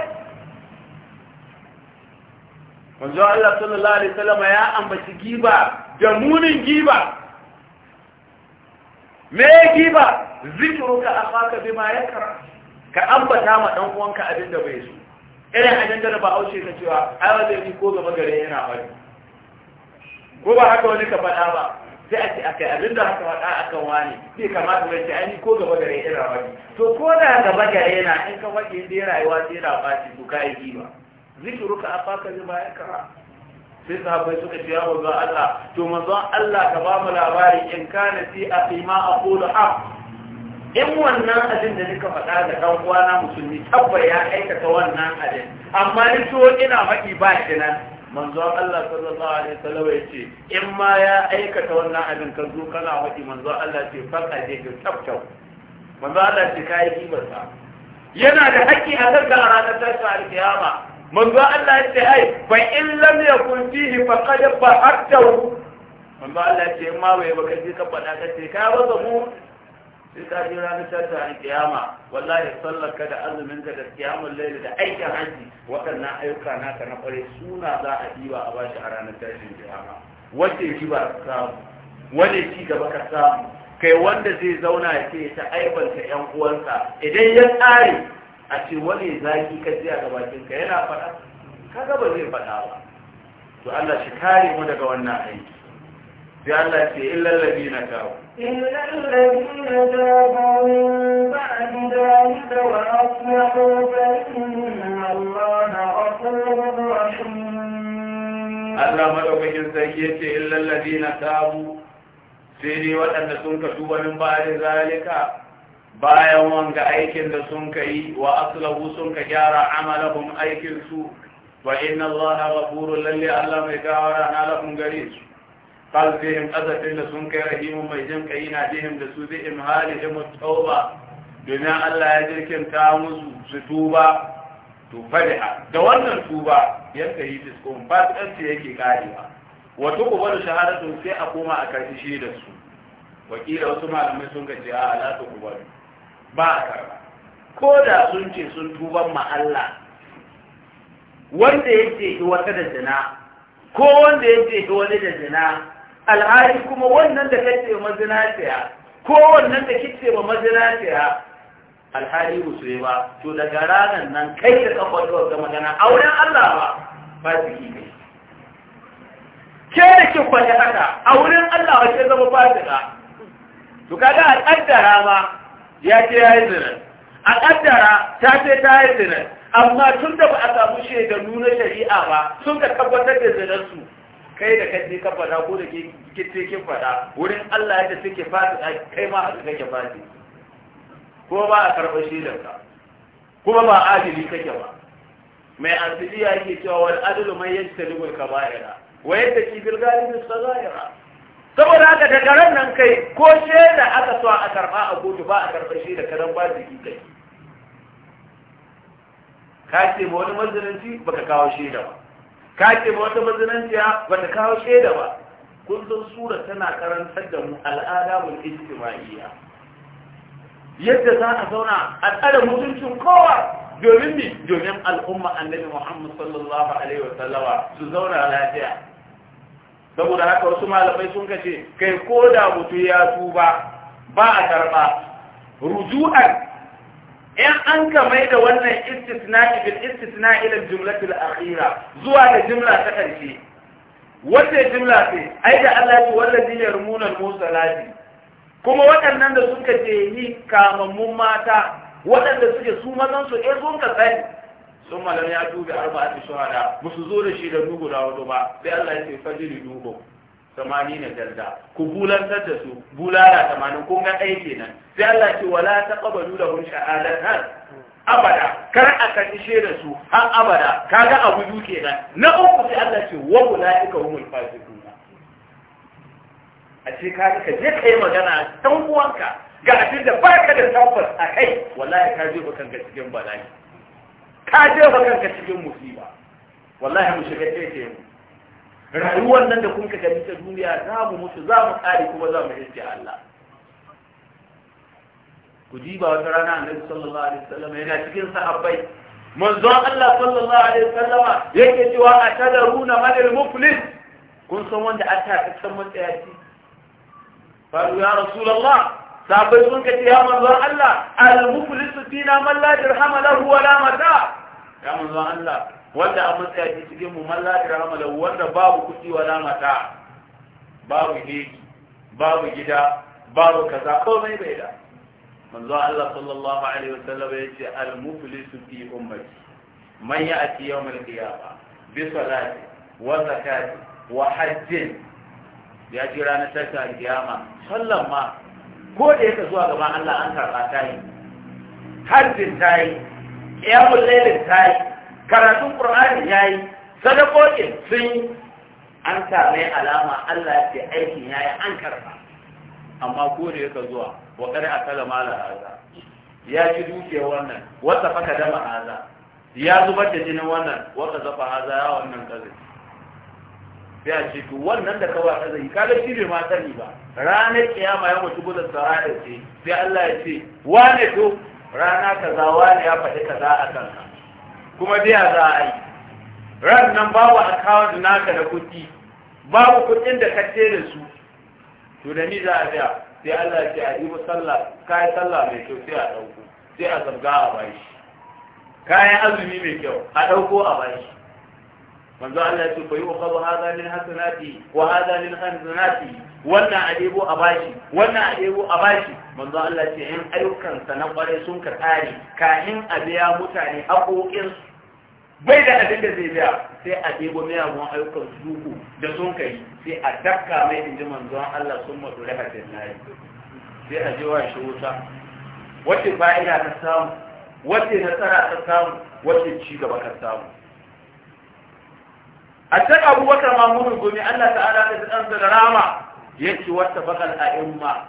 manzo Allah sallallahu alaihi wasallam ya ambaci giba da munin giba me giba zikruka akhaka bima yakra ka ambata ma dan uwanka abin da bai so irin abin da ba aushe ka cewa ai wanda yake ko gaba gare yana bari ko ba haka wani ka faɗa ba sai a ce akai abin da haka faɗa akan wani bai kamata ka ce ai ko gaba gare yana bari to ko da gaba gare yana in ka faɗi inda ya rayuwa sai yana ɓaci ko ka yi ba zikruka akhaka bima yakra sai sahabbai suka ce ya manzon Allah to manzon Allah ka ba mu labari in kana fi aqima aqulu haq in wannan abin da suka faɗa da ɗan uwana musulmi tabba ya aikata wannan abin amma ni to ina faɗi ba shi nan manzo Allah sallallahu alaihi wasallam ya ce in ma ya aikata wannan abin ka zo kana faɗi manzo Allah ce faɗa je ka tsafta manzo Allah ce kai kibar sa yana da haƙƙi a kan a ranar tashi alkiyama manzo Allah ya ce ai fa in lam yakun fihi faqad ba'atahu manzo Allah ya ce in ma bai baka ji ka faɗa ka ce ka baza mu sai ka je ranar tata a kiyama wallahi sallar ka da azumin ka da kiyamun laili da aikin haji waɗannan ayyuka naka na kware suna za a diba a bashi a ranar tashin kiyama wace riba ka samu wane ci gaba ka samu kai wanda zai zauna ya ce ta aibanta yan uwansa idan ya tsare a ce wani zaki ka ji a gabakin ka yana faɗa kaga ba zai faɗa ba to Allah shi kare mu daga wannan aiki sai Allah ce illal ladina tabu illal ladina tabu min ba'di dhalika wa aslahu na inna Allaha ghafurur rahim Allah madaukakin sarki yace illal ladina tabu sai dai waɗanda sun ka tuba min ba'di zalika bayan wanga aikin da sun ka yi wa aslahu sun ka gyara amalahum aikinsu. su wa inna haɓa ghafurur lalle Allah mai gawara na lahum gare su قال فيهم أذف إلا سنك رحيم ميزن كينا بهم لسوذ إمهالهم التوبة دنيا الله يدركم تاموز ستوبة تفرح دوانا التوبة ينتهي تسكم بات أنت يكي قائمة وتقبل شهادة في أقوم أكاتشي لسو وكيل وسمع لما سنك جاء لا تقبل باكر كودا سنتي سنتوبة مع الله وانت yake wata da zina ko wanda yake wani da zina alhali kuma wannan da ma mazinaciya ko wannan da kike ma mazinaciya alhali yi ba to daga ranar nan kai da kafa da magana auren Allah ba ba su ne ke da ke kwanye haka a wurin Allah ke zama fasika to kaga a kaddara ma ya ce ya yi zinar a kaddara ta ce ta yi zinar amma tun da ba a samu shaidar nuna shari'a ba sun ka tabbatar da zinarsu kai da kai ka faɗa ko da ke kin faɗa wurin Allah yadda suke fasi kai ma haka kake fadi ko ba a karɓa shaidan ka kuma ba adili kake ba mai asiliya yake cewa wal adlu man yajtalibu al kaba'ira wa yattaqi bil ghalibi al saghaira saboda haka da garan nan kai ko shaida aka so a karɓa a kotu ba a karɓa karɓar ka kadan ba jiki kai ka ce ma wani mazalinci baka kawo da ba ka ce ba wata mazinanciya ba ta kawo shaida ba kun san sura tana karantar da mu al'ada mun yadda za a zauna a mutuncin kowa domin ne domin al'umma annabi Muhammad sallallahu alaihi su zauna lafiya saboda haka wasu malamai sun kace kai ko da mutu ya tuba ba a karba rujuan in an ka mai da wannan istisna'i bil istisna'i lil jumlati al akhira zuwa da jumla ta karshe wace jumla ce ai da Allah ya wallazi yarmuna al musalati kuma waɗannan da suka je ni kamammun mata waɗanda suke su mazan su eh sun ka sun malam ya dubi arba'a shuhada musu zo da shi da dubu da wato ba sai Allah ya ce fajiri dubu samani na jarda ku bulantar da su bulala tamanin kun ga ɗaya kenan sai Allah ce wala taqabalu lahum har abada kar a kanishe da su har abada kaga abu biyu kenan na uku sai Allah ce wa ulaika humul fasiqun a ce ka ka je kai magana san uwanka ga abin da baka da tabbas a kai wallahi ka je ba kanka cikin bala'i ka je ba kanka cikin musiba wallahi mu shiga ce mu rayuwar nan da kun ka gani ta duniya za mu mutu za mu kare kuma za mu rinje Allah ku ji ba wata rana annabi sallallahu alaihi wasallam yana cikin sahabbai manzon Allah sallallahu alaihi wasallam yake cewa atadaruna man al-muflis kun san wanda aka ta san matsayaci faru ya rasulullah sahabbai sun kace ya manzon Allah al-muflis fina man la dirham lahu wa la mata ya manzon Allah wanda a matsayi cikin mu man la dirhama lahu wanda babu kuɗi wala mata babu heki babu gida babu kaza komai bai da manzo Allah sallallahu alaihi wasallam yace al muflisu fi ummati man ya'ti yawm al qiyamah bi salati wa zakati wa hajjin ya ji ranar tashin kiyama sallan ma ko da yake zuwa gaban Allah an karɓa ta yi hajjin tayi. yi ƙiyamun tayi. karatun ya yi sadakokin sun yi an same alama Allah ya ce aikin yi an karfa amma ko da yaka zuwa wa a akala da haza ya ci dukiyar wannan wata faka dama haza ya zubar da jinin wannan wata zafa haza ya wannan kazai sai a ce to wannan da kawai kazai kada shi bai ma sani ba ranar kiyama ya mutu gudun da ce sai Allah ya ce wane to rana kaza wane ya faɗi kaza a kanka kuma biya za a yi ran nan babu akawun naka da kuɗi babu kuɗin da ka da su to da ni za a biya sai Allah ce a yi sallah kayan sallah mai kyau sai a ɗauko sai a zabga a bashi kayan azumi mai kyau a ɗauko a bashi manzo Allah ya ce fa yuqabu hadha min hasanati wa hadha min hasanati wannan a debo a bashi wannan a debo a bashi manzo Allah ya ce in ayyukan sa na kware sun ka tsare kahin a biya mutane haƙoƙin bai da abin da zai biya sai a mai abuwan ayyukan suku da sun kai sai a dakka mai in ji manzon Allah sun maɗu da hajjin nari sai a je wa shi wuta wace fa'ida ta samu wace nasara ta samu wace ci gaba ta samu a can wata mamunin gumi Allah ta'ala ta ɗan da rama ya ce wata bakal a'imma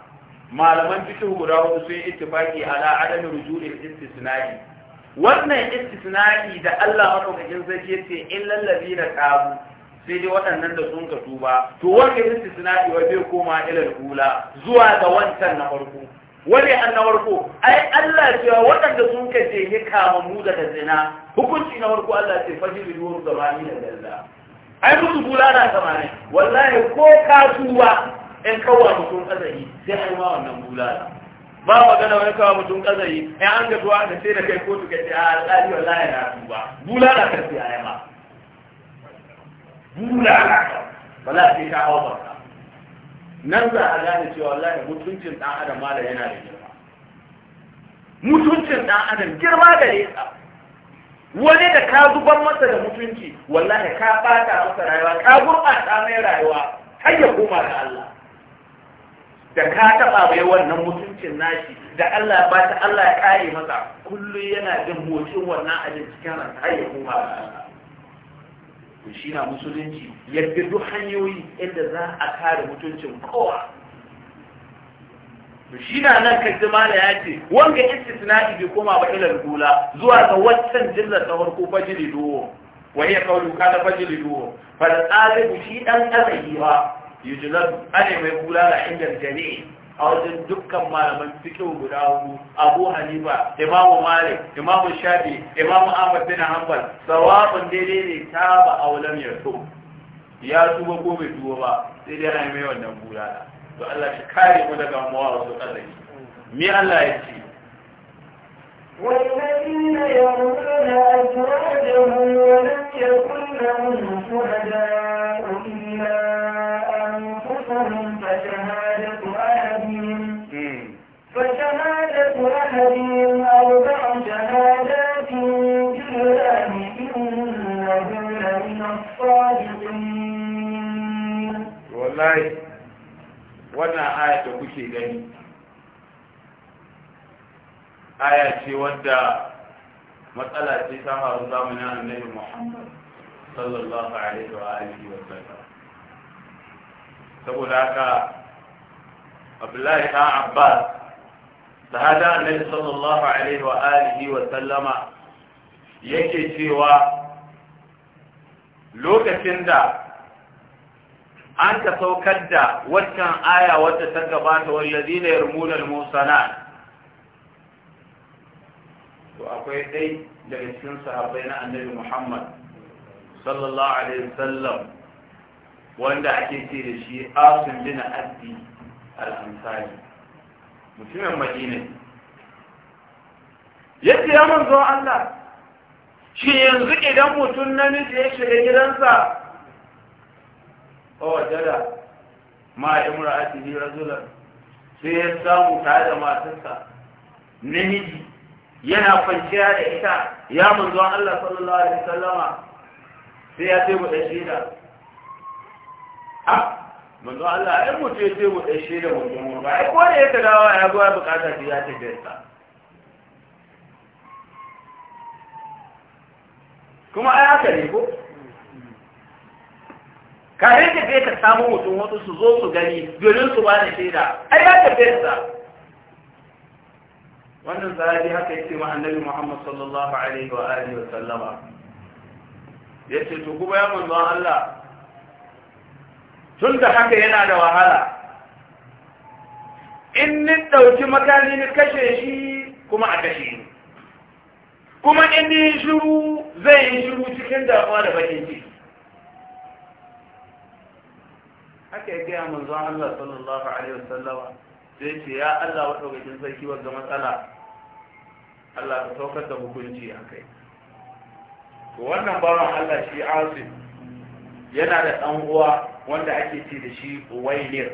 malaman fikihu guda wasu sun yi ittifaqi ala adami rujulil istisnai wannan istisna'i da Allah madaukakin sarki yace lallabi ladina tabu sai dai waɗannan da sun ka tuba to wannan istisna'i wa bai koma ilal ula zuwa ga wancan na farko wani an na farko ai Allah cewa waɗanda sun ka je hika ma mu da zina hukunci na farko Allah ce fajiri duwar Rami da dalla ai mutu bula na zamani wallahi ko ka tuba in kawwa mutum kazari sai ai ma wannan na. ba magana wani kawo mutum kazari ya an ga tuwa da sai da kai kotu ka ce a alƙali wallahi na ba Bula na karfi a yaba bulala wallahi sai ka hau barka nan za a gane cewa wallahi mutuncin ɗan adam da yana da girma mutuncin ɗan adam girma da yasa wani da ka zuban masa da mutunci wallahi ka ɓata masa rayuwa ka gurɓata mai rayuwa har ya koma ga Allah da ka taɓa bai wannan mutuncin nashi da Allah ba ta Allah ya kare masa kullum yana jin motsin wannan a cikin ran har ya koma shi na musulunci yadda duk hanyoyi inda za a kare mutuncin kowa shi na nan ji da ya ce wanga istisna'i bai koma ba ilal gula zuwa ga waccan jillar ta farko fajili duwo wa hiya qawlu kana fajili duwo fa al ku shi dan azahi ba yujlad ane mai da inda jami'i a wajen dukkan malaman fiqh guda hudu Abu Hanifa Imam Malik Imam Shafi Imam Ahmad bin Hanbal sawabin daidai ne ta ba aulam ya to ya tuba ko bai tuba ba sai dai ana mai wannan da. to Allah shi kare mu daga mawa wasu kallai mi Allah ya ce والذين يرمون أزواجهم ولم يكن لهم شهداء إلا أحد أربع شهادات بالله إنه لمن الصادقين والله وانا matsala ce ta faru zamanin annabi Muhammad sallallahu alaihi wa alihi wa sallam saboda haka Abdullahi dan Abbas da hada annabi sallallahu alaihi wa alihi wa sallama yake cewa lokacin da an ka saukar da waccan aya wadda ta gabata wallazi da yarmuna al-musanat to akwai dai daga cikin sahabbai na annabi Muhammad sallallahu alaihi wasallam wanda ake ce da shi Asim bin Abdi al-Ansari mutumin madina yadda ya manzo Allah shi yanzu idan mutum namiji ya shiga gidansa a wajada ma imra'atihi rajulan sai ya samu tare da matarsa namiji yana kwanciya da ita ya manzo Allah sallallahu alaihi wasallama sai ya ce mu da shida ah, manzo Allah ai mu ce ce mu dace da mu ba ai ko da ya dawo ya ga bukata ta ya ta gaisa kuma ai haka ne ko kare da kai ka samu mutum wasu su zo su gani domin su ba da shaida ai ya ta gaisa wannan sahabi haka yake ma annabi Muhammad sallallahu alaihi wa alihi wa sallama yace to kuma ya manzo Allah tun da haka yana da wahala in ni ɗauki makani ni kashe shi kuma a kashe ni kuma in ni shiru zai yi shiru cikin damuwa da bakin ciki haka ya gaya manzo Allah sallallahu alaihi wasallama sai ce ya Allah wa ɗaukakin sarki wanda matsala Allah ka saukar da hukunci a kai to wannan bawan Allah shi Asim yana da ɗan uwa wanda ake ce da shi wailir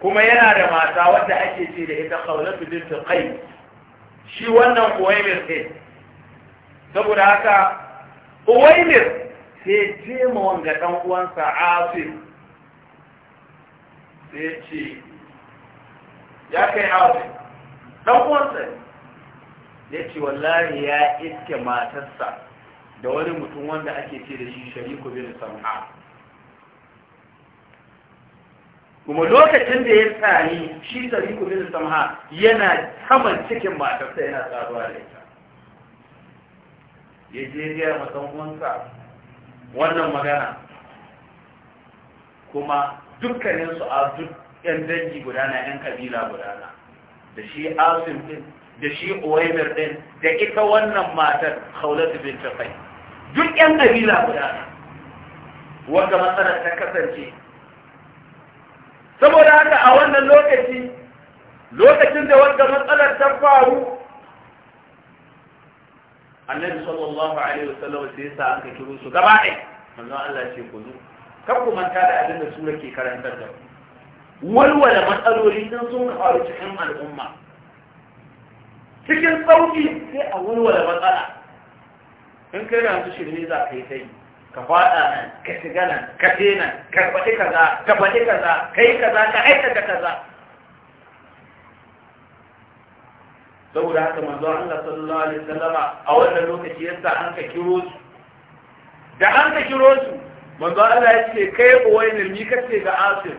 kuma yana da mata wanda ake ce da ita khawlatu bint qais shi wannan uwailir ne saboda haka uwailir sai ce ma wanga dan uwansa asif sai ce ya kai asif dan uwansa ya ce wallahi ya iske matarsa da wani mutum wanda ake ce da shi shariku bin sam'a kuma lokacin da ya tsari shi sariku da samha yana saman cikin matarsa yana tsaruwa da ita ya je ya masan uwansa wannan magana kuma dukkaninsu a duk yan dangi gudana yan kabila gudana da shi asim din da shi uwaimir din da ita wannan matar haulatu bin tafai duk yan kabila gudana wanda matsalar ta kasance saboda haka a wannan lokaci lokacin da wanda matsalar ta faru annabi sallallahu alaihi wasallam sai sa aka kiro su gaba ɗaya manzo Allah ce ku zo kar ku manta da abin da sura ke karantar da walwala matsaloli din sun faru cikin al'umma cikin sauki sai a walwala matsala in kai na su shirme za ka yi ta yi ka faɗa nan ka shiga nan ka je nan ka faɗi kaza ka faɗi kaza ka yi kaza ka aikata kaza saboda haka manzo Allah sallallahu alaihi wasallama a wannan lokaci yasa an ka kiro su da an ka kiro su manzo Allah ya ce kai uwainil mi kace ga Asir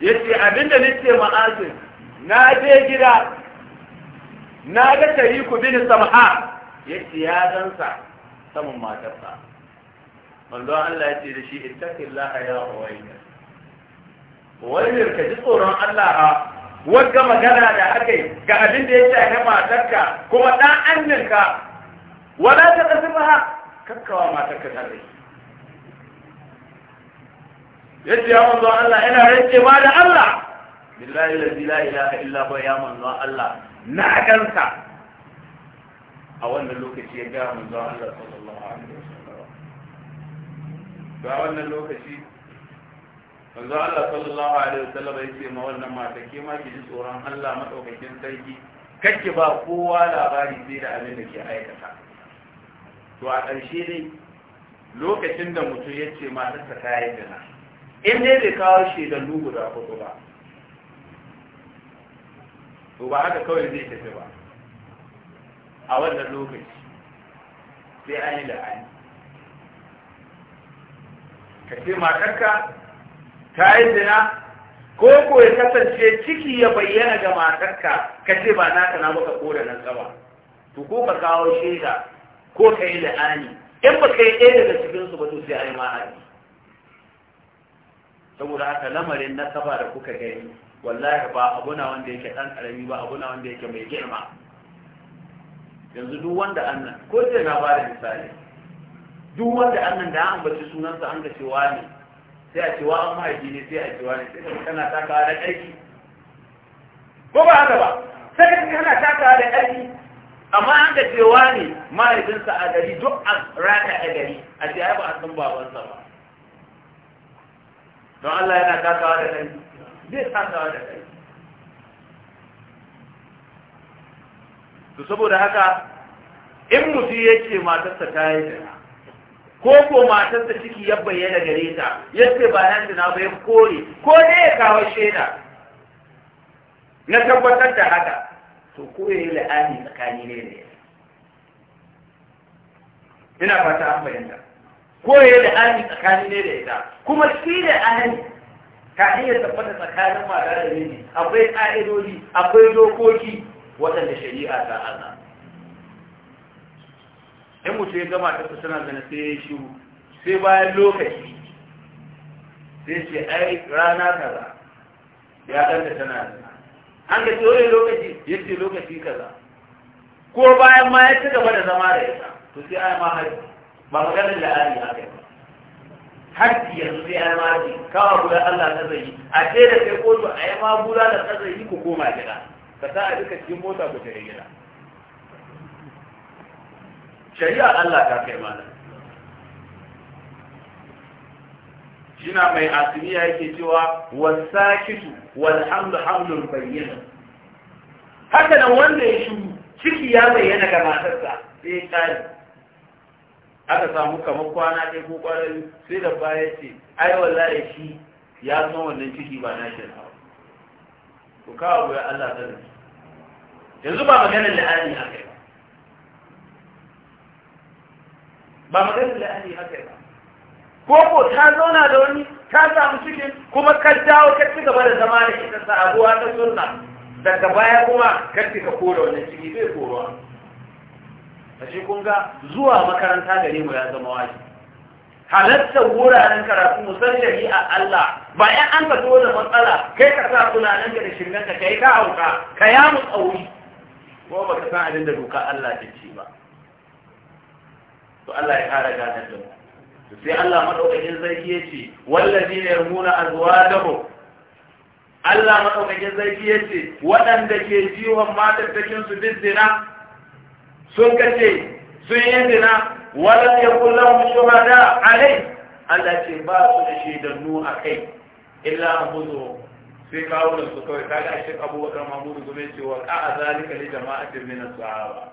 yace abinda nace ma Asir na je gida na ga Tariku bin Sam'a yace ya gansa saman matarsa من دعا الله يتي لشيء اتك الله يا رويك ويرك جسورا الله وقع مقالا يا حكي قادم ديشا هما تكا كما دعا أنك ولا تقسمها كبك وما تكا تري يتي يا من دعا الله إنا رجي مالا الله بالله الذي لا إله إلا هو يا من دعا الله نعجنك أولا لوكي سيجاه من دعا الله صلى الله عليه وسلم to a wannan lokaci manzo Allah sallallahu alaihi wasallam yace ma wannan mata ke ma ki ji tsoron Allah madaukakin sarki kake ba kowa labari sai da abin da ke aikata to a ƙarshe dai lokacin da mutum ya ce ma ta yi dana in dai bai kawo shaidannu guda hudu ba to ba haka kawai zai tafi ba a wannan lokaci sai an yi la'ani ka ce matarka ta yi zina ko ko ya kasance ciki ya bayyana ga matarka ka ce ba ka na baka ko nan gaba to ko ka kawo shaida ko ka yi la'ani in ba ka yi ɗaya daga cikinsu ba to sai a yi ma'ani saboda haka lamarin na saba da kuka gani wallahi ba abuna wanda yake ɗan ƙarami ba abuna wanda yake mai girma yanzu duk wanda annan ko sai na ba da misali duk wanda annan da an bace sunansa an ga cewa ne sai a cewa an mahaifi ne sai a cewa ne sai ka kana takawa da ƙarfi ko ba haka ba sai ka kana takawa da ƙarfi amma an ga cewa ne mahaifinsa a gari duk a rata a gari a ce ai ba a san babansa ba don Allah yana takawa da ƙarfi zai takawa da ƙarfi to saboda haka in mutum yake matarsa ta yi da ko ko da ciki ya bayyana gare ta yace ba nan da ba ya kore ko dai ya kawo shaida na tabbatar da haka to ko ya yi la'ani tsakani ne ne ina fata an bayyana ko ya yi la'ani tsakani ne da ita kuma shi la'ani ka iya tabbata tsakanin mata da miji akwai ƙa'idodi akwai dokoki waɗanda shari'a ta azama in mutu ya gama ta suna zane sai ya yi shiru sai bayan lokaci sai ce ai rana kaza ya da tana zina an ga tsoron lokaci ya ce lokaci kaza ko bayan ma ya ci gaba da zama da yasa to sai ai ma haji ba ganin da ari haka ba haji yanzu sai ai ma haji kawo gudan Allah ta zai a ce da sai kotu a yi ma gudan da zai ko koma gida ka sa a duka cikin mota ku yi gida shari'a Allah ta kai mana shina mai asiriya yake cewa wasakitu walhamdu hamdu hamdun bayyana haka nan wanda ya shiru ciki ya bayyana ga matarsa sai ya kare aka samu kamar kwana ɗaya ko ƙwararri, sai da baya ce ai wallahi shi ya san wannan ciki ba na shi ba ku kawo ya Allah sanin yanzu ba maganar la'ani a kai ba maganar da ahli haka ba ko ko ta zauna da wani ta samu cikin kuma ka dawo ka ci gaba da zama da ita abuwa ta sunna daga baya kuma ka ci ka kora wannan ciki bai a ashe kun ga zuwa makaranta gare mu ya zama waje. halatta wuraren karatu musan a Allah ba ya an ka da matsala kai ka sa tunanin da shirgan ka kai ka auka ka yamu tsauri ko ba ka san abin da doka Allah ta ce ba to Allah ya kara ganar da mu sai Allah madaukakin sarki yace ne yarmuna azwajahum Allah madaukakin ya yace waɗanda ke jiwon matattakin su bizzina sun kace sun yi zina wala ya lahum shuhada alai Allah ce ba su da shaidannu a kai illa abudu sai kawo da su kawai kaga shi abubakar mamudu gume cewa ka'a zalika li jama'atin min as-sahaba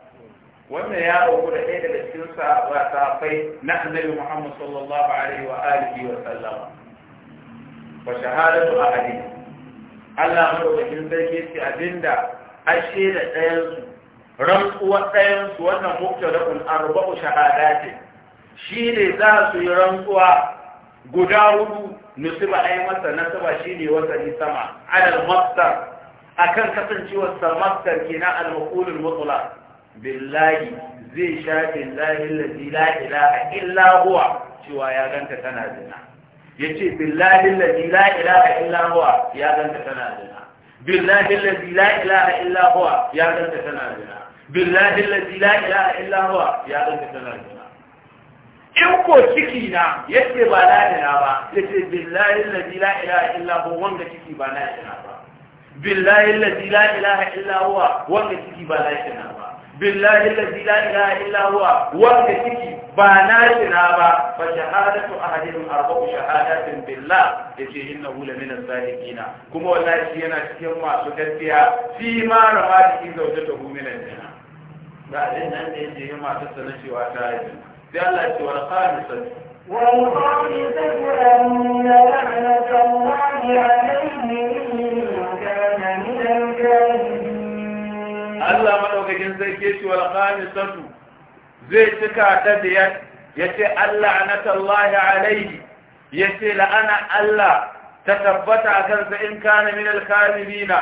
wannan ya dauko da ɗaya daga cikin sahabbai na annabi Muhammad sallallahu alaihi wa alihi wa sallam fa shahadatu ahadin Allah madaukakin sarki ce abinda ashe da ɗayan su rantsuwar ɗayan su wannan muktarabun arba'u ce. shi ne za su yi rantsuwa guda hudu nusiba ai masa nasaba shine wasani sama alal masdar akan kasancewar samastar kina al-maqulul mutlaq billahi zai sha billahi allazi la ilaha illa huwa cewa ya ganta tana zina yace billahi allazi la ilaha illa huwa ya ganta tana zina billahi allazi la ilaha illa huwa ya ganta tana zina billahi allazi la ilaha illa huwa ya ganta tana zina in ko ciki na yace ba la ilaha ba yace billahi allazi la ilaha illa huwa wanda ciki ba la ilaha ba billahi allazi la ilaha illa huwa wanda ciki ba la ilaha ba billahi allazi la ilaha illa huwa wanda kiki ba na rina ba fa shahadatu ahadin arba'u shahadatin billah yace innahu la min as-sadiqin kuma wallahi yana cikin masu gaskiya fi ma rawadi zawjatuhu min al Ba da nan da yake yi masu sanin cewa ta yi sai Allah ya ce wal khamisatu wal khamisatu anna la'nata allahi alayhi Allah madaukakin sarki yace wal khamisatu zai cika ta biyar yace Allah tallahi alaihi yace la'ana Allah ta tabbata a kansa in kana min al khamibina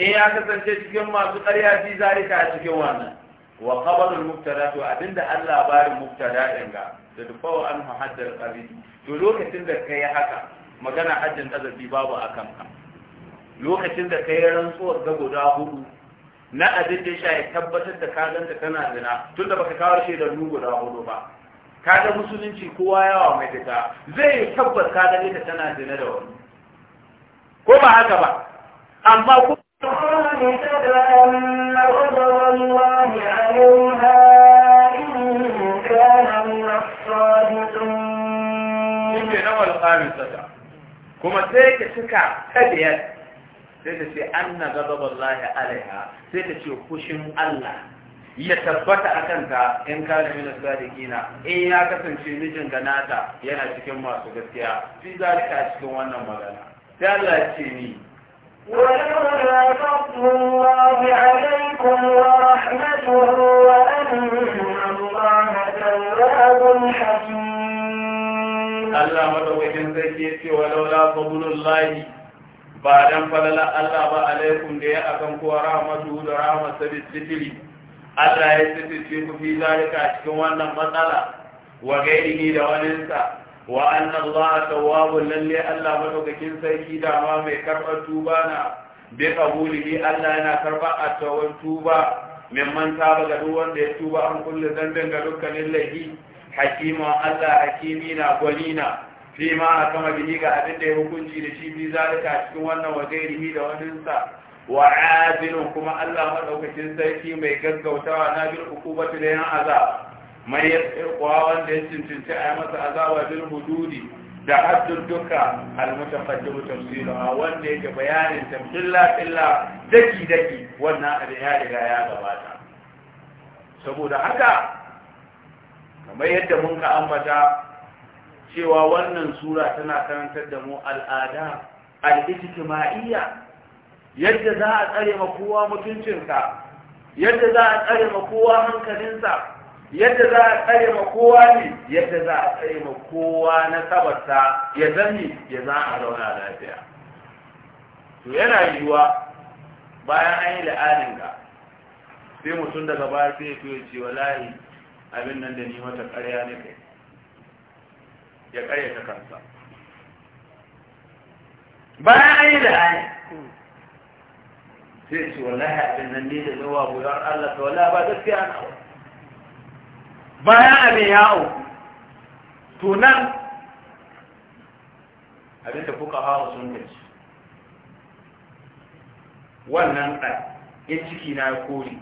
in ya kasance cikin masu ƙarya fi zalika a cikin wannan wa khabarul mubtada to abinda Allah bari mubtada din ga da dufawa an muhaddar qabil to lokacin da kai haka magana hajjin azabi babu akan ka lokacin da kai rantsuwar ga guda hudu na abin da ya tabbatar da ka ganta kana zina tun da baka kawo shi da rugu da hudu ba ka ga musulunci kowa yawa mai fita zai tabbata ka gane ta tana zina da wani ko ba haka ba amma ku kuma sai ka cika ta biyar sai ta ce anna ghadaballahi alaiha sai ta ce fushin Allah ya tabbata a kanta, in ka da mina sadiqina in ya kasance mijin ganata yana cikin masu gaskiya fi zalika cikin wannan magana sai Allah ya ce ni Allah فضل zai عليكم ورحمته laula الله ba dan falala Allah ba alaikum da ya akan kowa rahmatu da rahmatsa bi sitiri Allah ya sitiri ku fi zalika cikin wannan matsala wa gairihi da waninsa wa anna Allah tawwabun lalle Allah madaukakin sarki da ma mai karɓar tuba na bi qabulihi Allah yana karɓar attawan tuba mimman saba ga duk wanda ya tuba an kullu zambin ga dukkanin laifi hakima Allah hakimi na gwalina fi ma a kama bihi ga abin da ya hukunci da shi bi zalika cikin wannan wa gairihi da waninsa wa adilun kuma Allah madaukakin sarki mai gaggautawa na bil hukubati da yan azab mai yasirqwa wanda ya cincinci a masa azaba bil hududi da haddun duka tafsiru a wanda yake bayanin tamfilla illa daki daki wannan abin ya riga ya gabata saboda haka kamar yadda mun ka ambata cewa wannan sura tana karantar da mu al'ada al'ijtima'iyya yadda za a tsare ma kowa mutuncinsa yadda za a tsare ma kowa hankalinsa yadda za a tsare ma kowa ne yadda za a tsare ma kowa na sabarsa ya zami ya za a rauna lafiya to yana yiwuwa bayan an yi la'anin ga sai mutum daga baya sai ya ce wallahi abin nan da ni mata ƙarya ne kai يبقى يتكسر بقى ايه ده ايه تيس ولها ان النيل اللي هو ابو يار قال لك ولها بقى تسكي انا بقى ابي ياو تنام هل انت فوق اهار سنكتش wannan ɗan in ciki na ya kori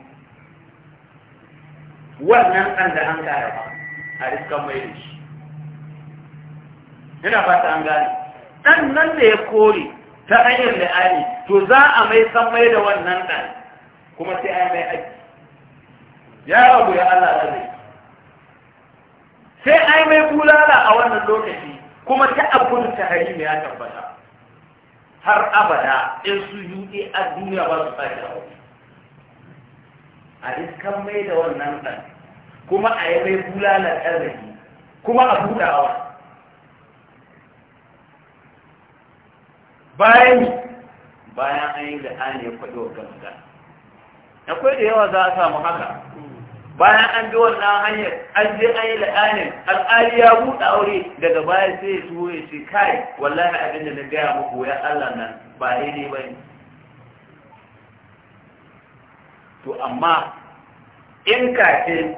wannan ɗan da an ƙara ba a riskan mai da shi ina fata an gane dan nan da ya kore ta hanyar la'ani to za a mai san mai da wannan dan kuma sai a mai aiki ya rabu ya Allah zai sai ai mai bulala a wannan lokaci kuma ta abun ta mai ya tabbata har abada in su yuɗe a duniya ba su fashe rawa a iskan mai da wannan dan kuma a yi mai bulala ɗan kuma a buɗawa bayan bayan an yi la'ani ya kwaɗi ganga akwai da yawa za a samu haka bayan an bi wannan hanyar an je an yi la'anin al'ali ya buɗe aure daga baya sai ya ya ce kai wallahi abin da na gaya muku ya allah nan ba daidai ba ne to amma in kafin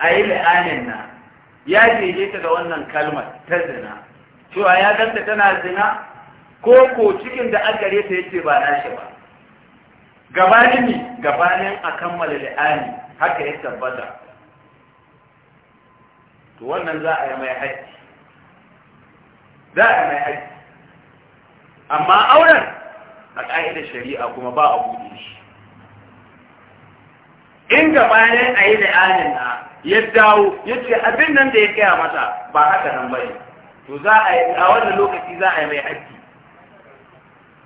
a yi la'anin na ya jeje ta ga wannan kalmar ta zina cewa ya ganta tana zina ko ko cikin da an gare ta yake ba nashi ba gabanin ne gabanin a kammala la'ani. haka ya tabbata to wannan za a yi mai haji za a yi mai haji amma auren a ƙa'idar shari'a kuma ba a buɗe shi in gabanin a yi la'anin na ya dawo ya ce abin nan da ya gaya mata ba haka nan ne. to za a yi a wannan lokaci za a yi mai haji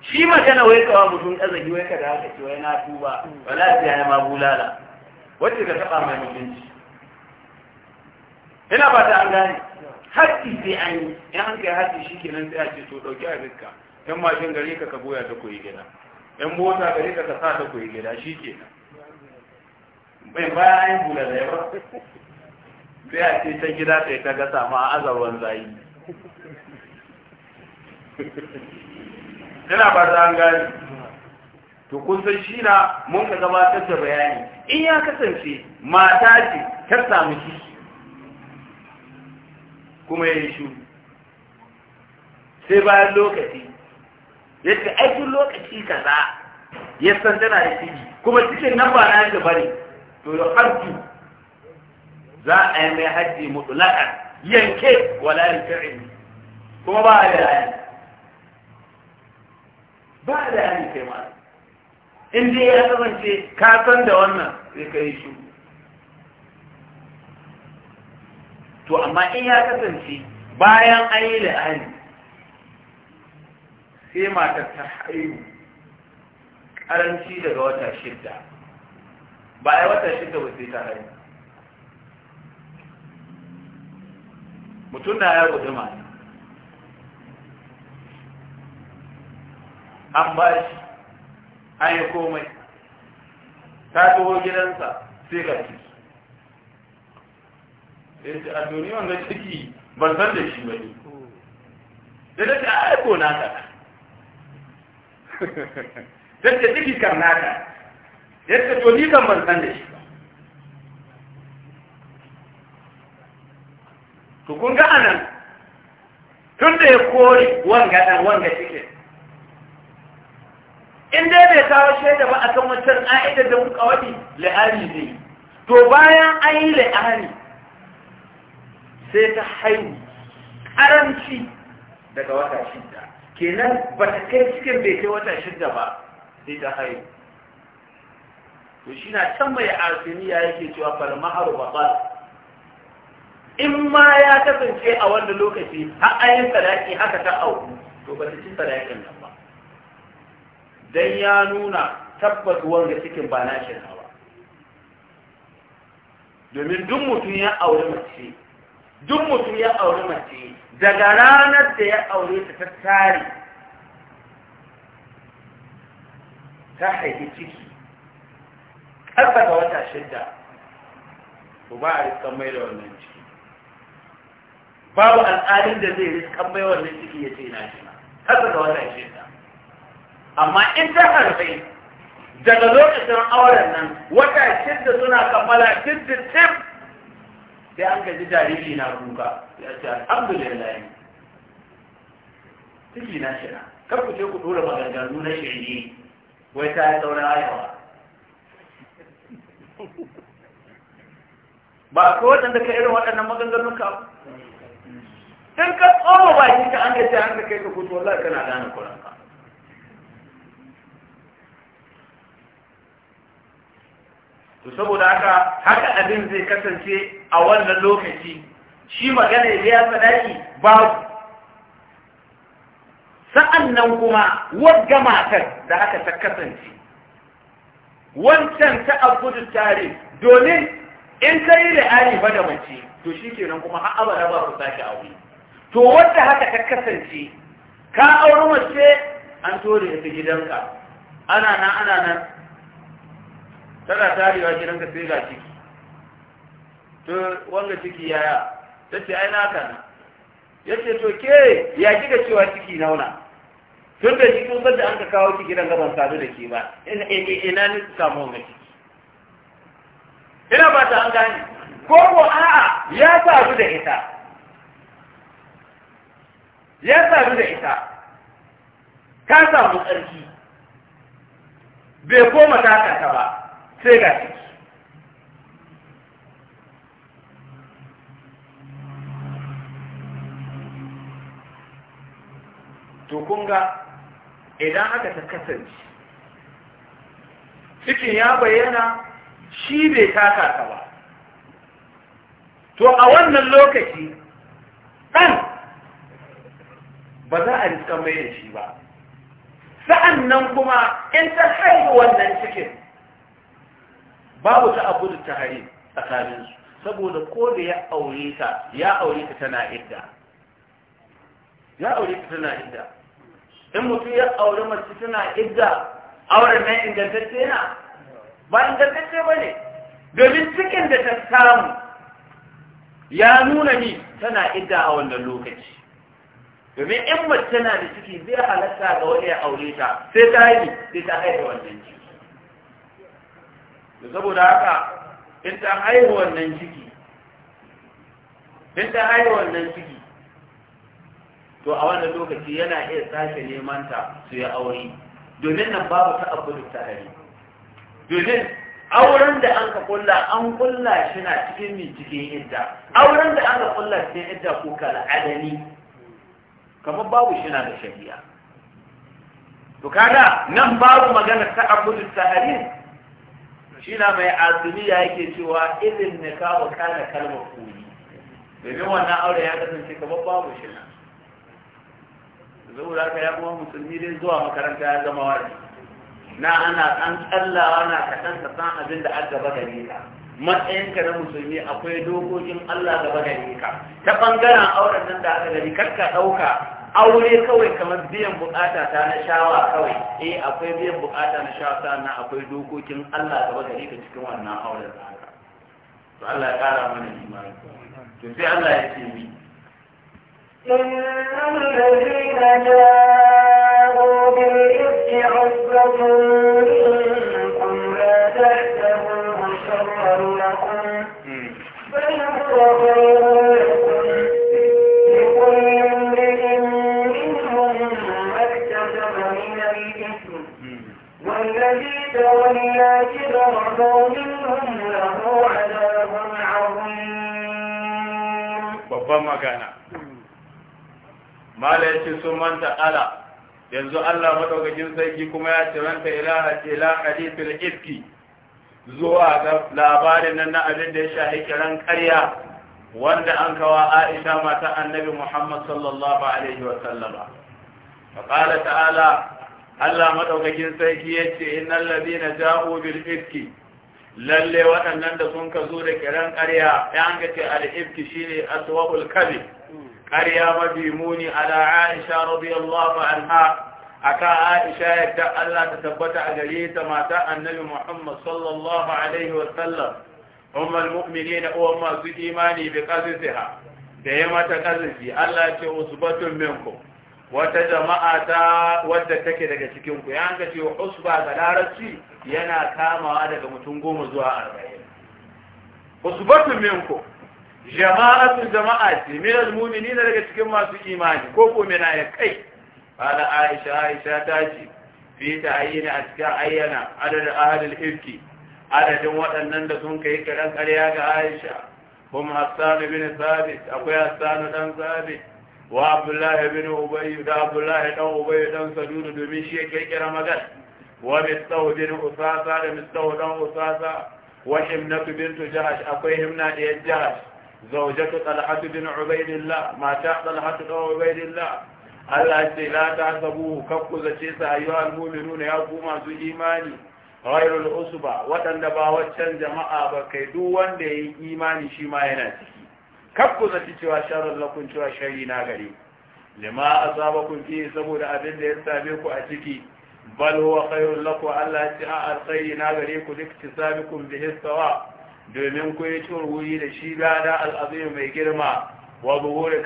shi kana wai kawa mutum azabi wai kada haka ce wai na tuba wala ta ya ma bulala wacce ka taba mai mutunci ina ba ta an gane hakki sai an yi in an kai hakki shi kenan sai a ce to dauki a riska yan mashin gare ka ka boya ta koyi gida yan mota gare ka ka sa ta koyi gida shi ke. bai baya an yi bulala ya ba sai a ce ta gida ta yi ta gasa ma a azarwan zayi tana ba an gane to kun san shi na mun ka gabatar da bayani in ya kasance mata ce ta samu kishi kuma ya yi sai bayan lokaci yadda aikin lokaci kaza ya san tana da kiki. kuma cikin nan ba na yadda bari. to ya harju za a yi mai hajji mutulakan yanke wala yarfi'i kuma ba a da ba da hali kai ma in dai ya kasance ka san da wannan sai ka yi shi to amma in ya kasance bayan an yi la'ani sai matar ta haihu karanci daga wata shidda ba a wata shidda ba sai ta haihu mutum na ya gudu mata an ba shi an yi komai ta taho gidansa sai ga ciki ya a duniya wanda ciki ban san da shi bane da ta ce a aiko naka ta ce ciki kan naka ya ce to ni kan ban san da shi ba kun ga anan tun da ya kori wanga dan wanga cikin in dai bai kawo shaida ba akan wancan ƙa'idar da muka wadi la'ari zai to bayan an yi la'ari sai ta haihu Karanci daga wata shida kenan ba ta kai cikin bai kai wata shida ba sai ta haihu to shi na can mai ya yake cewa ba ba. in ma ya kasance a wanda lokaci har ayin yi haka ta auku to ba ta ci sadakin ba dan ya nuna tabbatuwar wanda cikin ba na shi ba domin duk mutum ya aure mace duk mutum ya aure mace daga ranar da ya aure ta ta tare ta haifi ciki ƙarfafa wata shidda to ba a riskan mai da wannan ciki babu al'adun da zai riskan mai wannan ciki ya ce na shi ƙarfafa wata shidda amma in ta harfai daga lokacin auren nan wata shidda suna kammala shidda tim sai an gaji jariri na kuka ya ce alhamdulillah ciki na shira kar ku ce ku dora maganganu na shirye wai ta yi sauran ayawa ba ko waɗanda ka irin waɗannan maganganun ka in ka tsoro ba shi ka an gaji an ka kai ka kuto ka kana gane kuranka to saboda haka haka abin zai kasance a wannan lokaci shi magana ya biya sadaki babu sa'an nan kuma wadda matar da haka ta kasance wancan ta abudu tare domin in ta yi da ari ba da mace to shi nan kuma har abada ba ku sake aure to wadda haka ta kasance ka auri mace an tori ta gidanka ana nan ana nan tana tarewa ranka sai ga ciki to wanga ciki yaya ta ce ai naka na ya ce to ke ya kika cewa ciki nauna tun da shi kun da an ka kawo ki gidan gaban sadu da ke ba ina ni samu wanga ciki ina ba ta an gane ko ko a'a ya sadu da ita ya sadu da ita ka samu tsarki bai koma ta ba sai tukunga idan haka ta kasance cikin ya bayyana shi bai taka ta ba to a wannan lokaci ɗan ba za a riskan mai da shi ba sa'an nan kuma in ta haihu wannan cikin babu ta abu da tahari tsakanin su saboda ko da ya aure ta ya aure ta tana idda ya aure ta tana idda in mutum ya aure mace tana idda auren nan ingantacce na ba ingantacce ba ne domin cikin da ta samu ya nuna ni tana idda a wannan lokaci domin in mace tana da ciki zai halatta ga wani ya aure ta sai ta yi sai ta haifa wannan ciki da saboda haka in ta haihu wannan ciki in ta haihu wannan ciki to a wannan lokaci yana iya sake neman ta su ya aure domin nan babu ta abu da ta hari domin auren da an ka kulla an kulla shi na cikin mai cikin idda auren da an ka kulla cikin idda ko kala adani kamar babu shi na da shari'a to kada nan babu magana ta abu da ta hari shi na mai ya yake cewa ne kawo kana kalmar kuri domin wannan aure ya kasance kamar babu shi na zuwa ka ya kuma musulmi dai zuwa makaranta ya zama wani na ana an tsallawa na kaɗan ka san abin da aka gaba gare ka matsayinka na musulmi akwai dokokin Allah gaba gare ka ta bangaren auren nan da aka gari karka ɗauka aure kawai kamar biyan bukata ta na shawa kawai eh akwai biyan bukata na shawa sannan akwai dokokin Allah gaba gare ka cikin wannan auren to Allah ya kara mana imani to sai Allah ya ce mi innal ladina ja'u جعلنا كبر منهم له عذاب عظيم babban magana mala sun manta ala yanzu Allah madaukakin sarki kuma ya tiranta ilaha ila hadithul ifki zuwa ga labarin nan na abin da ya shahi kiran ƙarya wanda an kawa Aisha mata Annabi Muhammad sallallahu alaihi wa sallama fa qala ta'ala Allah madaukakin sarki yace innal ladina ja'u bil ifki lalle waɗannan da sun kazo da kiran ƙarya yan ga ce al ifki shine aswabul kadhib ƙarya mafi muni ala Aisha radiyallahu anha aka Aisha yadda Allah ta tabbata a gare ta mata Annabi Muhammad sallallahu alaihi wa sallam ummul mu'minina uwa masu imani bi qazfiha da ya mata qazfi Allah ya ce usbatun minkum wata jama'a ta wadda take daga cikin ku ya ce usba ga larabci yana kamawa daga mutum goma zuwa arba'in usbatu minku jama'atu jama'a ce min almu'minina daga cikin masu imani ko ko mina ya kai ala aisha aisha ta ce fi ta'ayyina a cikin ayyana adadin ahlul ifki adadin waɗannan da sun kai karan ƙarya ga aisha kuma hassan bin sabit akwai hassan dan sabit wa abdullahi bin ubay da abdullahi dan ubay dan sadudu domin shi ya kirkira magan? wa mistahu bin usasa da mistahu usasa wa himnatu bintu jahash akwai himna da jahash zawjatu talhatu bin ubaidillah mata talhatu dan ubaidillah Allah ce la ta sabu kakku zace sa ayyuhal mu'minuna ya ku masu imani ghairul usba wadanda ba waccan jama'a ba kai duk wanda yayi imani shi ma yana ciki kakku zaci cewa sharar lakun cewa shari na gare lima kun fi saboda abin da ya same ku a ciki bal huwa khairul Allah ya ci a alkhairi na gare ku duk kun bi Hisawa? domin ku yi wuri da shi da al'azim mai girma wa buhuri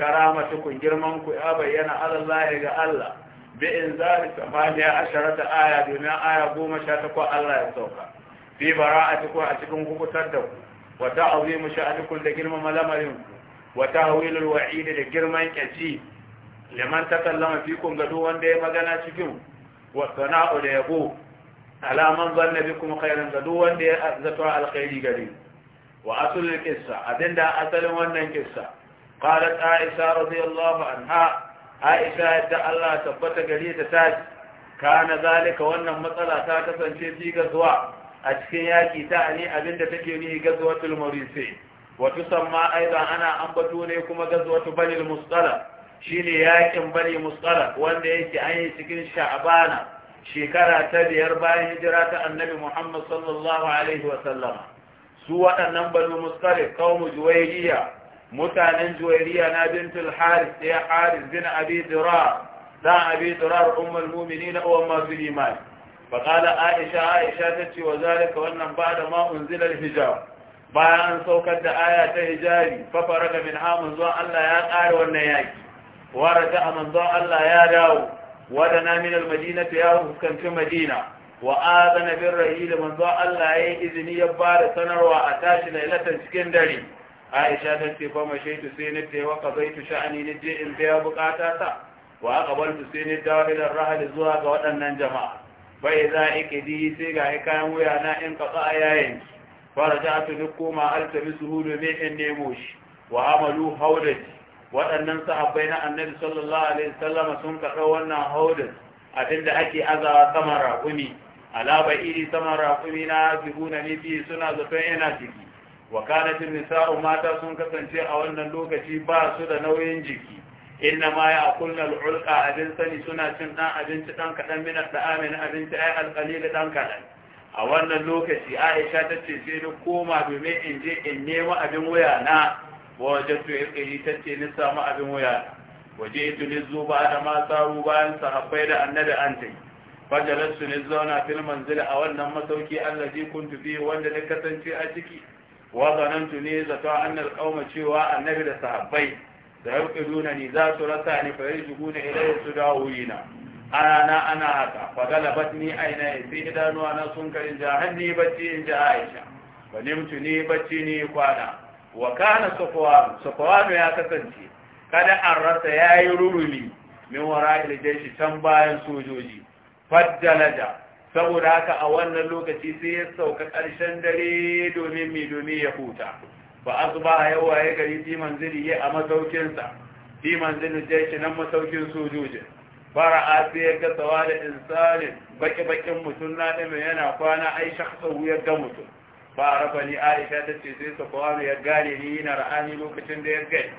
kun girman ku ya bayyana Allah ga Allah bi zari samaniya asharata aya domin aya goma sha kwa Allah ya sauka fi bara'atikum a cikin hukutar da ku wa ta'azimu sha'anikum da girmama lamarin ku Wata tahwilul wa'id da girman kyaci liman takallama fikum gado wanda ya magana cikin wa sana'u da yabo alaman zanna kuma khairan gado wanda ya zato alkhairi gari. wa asulul qissa abinda asalin wannan qissa qalat aisha radiyallahu anha aisha Yadda, Allah tabbata gare ta ta kana zalika wannan matsala ta kasance fi gazuwa a cikin yaki ta abinda take ni gazuwatul sai. wa tusamma aidan ana ambato ne kuma gazwatu bani al-mustala shine yakin bani mustala wanda yake an yi cikin sha'bana shekara ta biyar bayan jira ta annabi Muhammad sallallahu su waɗannan bani mustala qaumu juwayriya mutanen juwayriya na bintul harith ya harith bin abi dirar da abi dirar ummul mu'minin wa umma فقال عائشة عائشة تتي وذلك وأنم بعد ما أنزل bayan an saukar da aya ta hijabi fafara da min hamun zuwa Allah ya ƙare wannan yaƙi wara ta aman zuwa Allah ya dawo wada na min almadina ta ya fuskanci madina wa azana bin rahila man zuwa Allah ya yi izini ya ba da sanarwa a tashi lailatan cikin dare aisha ta ce fa mashaitu sai ni ta wa qadaitu sha'ani ni je in biya bukata ta wa aqbaltu sai ni dawo idan rahali zuwa ga waɗannan jama'a bai za ikidi sai ga kayan wuya na in a yayin فرجعت نقوم ألتمسه domin in nemo shi wa amalu haudati waɗannan sahabbai na annabi sallallahu alaihi wasallam sun kaɗa wannan haudat abinda ake azawa saman raƙumi alaba iri saman raƙumi na zibuna ne biyu suna zaton yana ciki wa kanatin nisa'u mata sun kasance a wannan lokaci ba su da nauyin jiki inna ma ya akulna al'ulqa abin sani suna cin ɗan abinci ɗan kaɗan min al'ami na abinci ai alkali qalil dan kaɗan. a wannan lokaci aisha ta ce sai ni koma domin in je in abin waya na wajen to irkiri ta ce ni samu abin waya waje ito ni zo ba da ma tsaro bayan sahabbai da annabi an tai fajalar su ni zauna fil manzil a wannan masauki Allah ji kun fi wanda na kasance a ciki wa tu ne zata annal qauma cewa annabi da sahabbai da yaquluna ni za su rasa ni fa yajuguna ilayhi su dawo dawina a rana ana haka fagala batni aina ya sai idanuwa na sun kai, ja hannu bacci in ji aisha ba nimtu ni bacci ni kwana wa kana safawanu safawanu ya kasance kada an rasa ya yi rurumi min wara shi can bayan sojoji faddalaja saboda haka a wannan lokaci sai ya sauka ƙarshen dare domin mai domin ya huta ba a zuba yawa ya gari fi manzili ya a masaukinsa fi manzilin jeshi nan masaukin sojojin Bara sai ya ga tsawa da insani baki bakin mutum na ɗame yana kwana ai shakhsahu wuyar ga mutum ba rafa ni aisha ta ce sai safawanu ya gane ni yana ra'ani lokacin da ya gani.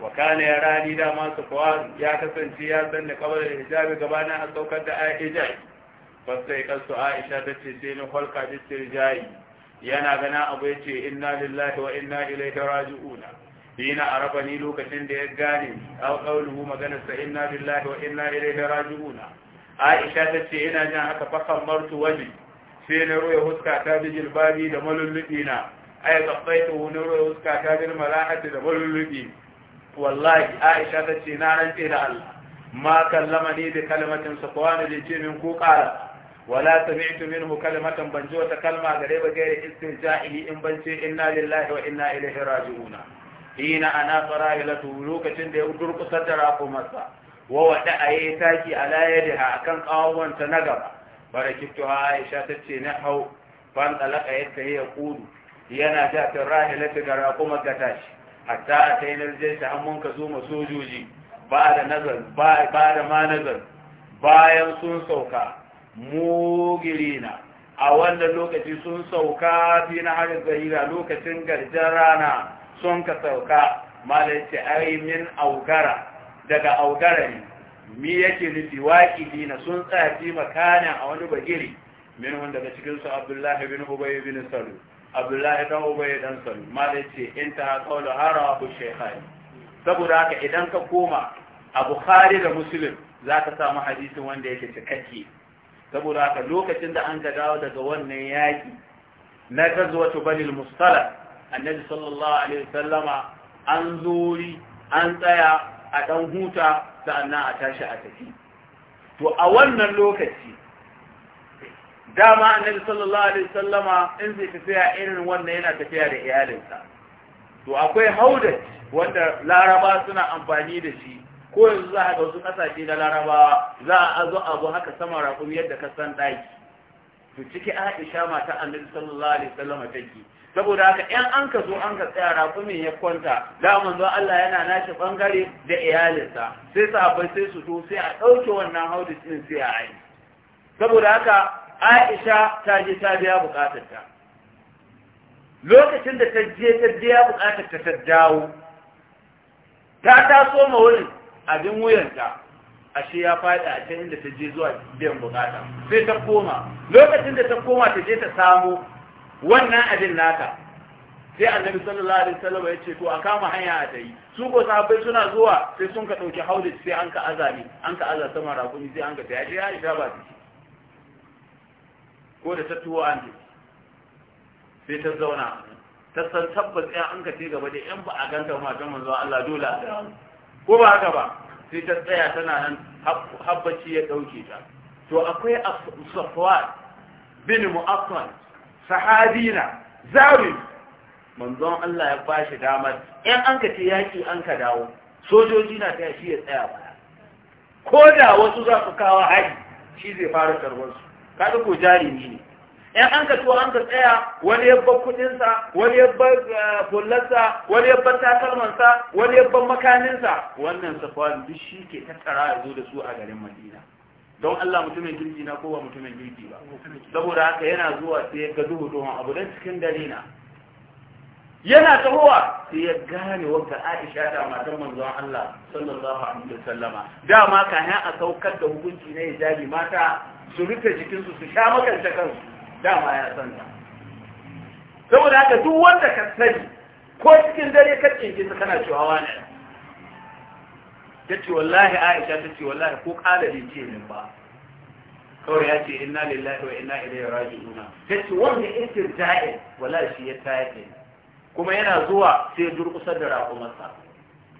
wa kana ya rani dama safawanu ya kasance ya san da kabar da hijabi gabana a saukar da aisha fasta ya kasu aisha ta ce sai ni holka bisir jayi yana gana abu ya ce inna lillahi wa inna ilaihi raji'una hina ni lokacin da ya gane aw qawluhu maganarsa inna lillahi wa inna ilaihi raji'una aisha ta ce ina jin haka fa kammartu waji sai na roye huska ta da jilbabi da malullubi na ay qaffaitu na roye huska ta da malahati da malullubi wallahi aisha ta ce na rantse da Allah ma kallama ni da kalmatin safwan da ce min ku qala wala sami'tu minhu kalmatan banjo ta kalma gare ba gaire istinja'i in bance inna lillahi wa inna ilaihi raji'una hina ana farahilatu lokacin da ya durkusar da rakumarsa wa wada a yi taki a layadiha a kan ƙawonta na gaba barakitu aisha ta ce na hau ban talaka ya yi ya kudu yana ja ta rahilatu ga ga tashi hatta a ta yi an mun ka zo ma sojoji ba da nazar ba da ma nazar bayan sun sauka mugirina a wannan lokaci sun sauka fi na harin zahira lokacin garjar rana sun ka sauka malai ce ai min augara daga augara ne mi yake nufi waƙi dina sun tsafi makana a wani bagiri min wanda daga cikin su abdullahi bin ubay bin salu abdullahi dan ubay dan salu malai ce in ta qawlu hara abu shaykhai saboda haka idan ka koma a bukhari da muslim zaka samu hadisin wanda yake cikakke saboda haka lokacin da an ga dawo daga wannan yaki na gazwatu banil mustala annabi sallallahu alaihi wasallama an zuri an tsaya a dan huta sa'annan a tashi a tafi to a wannan lokaci dama annabi sallallahu alaihi wasallama in zai tafiya irin wannan yana tafiya da iyalinsa to akwai haudat wanda laraba suna amfani da shi ko yanzu za a ga wasu kasashe na larabawa za a azo abu haka sama raƙumi yadda ka san ɗaki to ciki aisha mata annabi sallallahu alaihi wasallama take saboda haka ɗan an ka zo an ka tsaya raƙumin ya kwanta da manzo Allah yana nashi bangare da iyalinsa sai sahabbai sai su to sai a ɗauke wannan haudis ɗin sai a yi saboda haka Aisha ta je ta biya bukatarta lokacin da ta je ta biya bukatarta ta dawo ta taso ma wurin abin wuyanta ashe ya faɗi a can inda ta je zuwa biyan bukata sai ta koma lokacin da ta koma ta je ta samo wannan abin naka sai annabi sallallahu alaihi wasallam ya ce to a kama hanya a tayi su ko sahabbai suna zuwa sai sun ka dauki haudi sai an ka azami an ka aza sama rakumi sai an ka tayi ya ida ba ta ko da ta tuwo an ji sai ta zauna ta san tabbas ya an ka ce gaba da yan ba a ganta ma ta manzo Allah dole a ko ba haka ba sai ta tsaya tana nan habbaci ya dauke ta to akwai safwa bin mu'aqqal sahabina zawi manzon Allah ya bashi damar in an ka ce yaki an ka dawo sojoji na ta shi ya tsaya ba ko da wasu za su kawo hari shi zai fara karwar su da ko jarimi ne in an ka to an ka tsaya wani ya bar wani ya bar eh, wani ya bar takalman sa wani ya bar wannan safwan duk shi ke tattara ya zo da su a garin Madina don Allah mutumin girki na kowa mutumin girki ba saboda haka yana zuwa sai ga duhu duhun abu don cikin dare na yana tahowa sai ya gane wanda Aisha da matan manzon Allah sallallahu alaihi wasallama dama kan a saukar da hukunci na hijabi mata su rufe jikinsu su sha makanta kansu dama ya san ta saboda haka duk wanda ka sani ko cikin dare ka cinke kana cewa wani ta ce wallahi aisha ta ce wallahi ko kalabi ce ne ba kawai ya ce ina lillahi wa ilai raji nuna ta ce wanda istirja'in wallahi shi ya ta da kuma yana zuwa sai ya durƙusar da raƙumarsa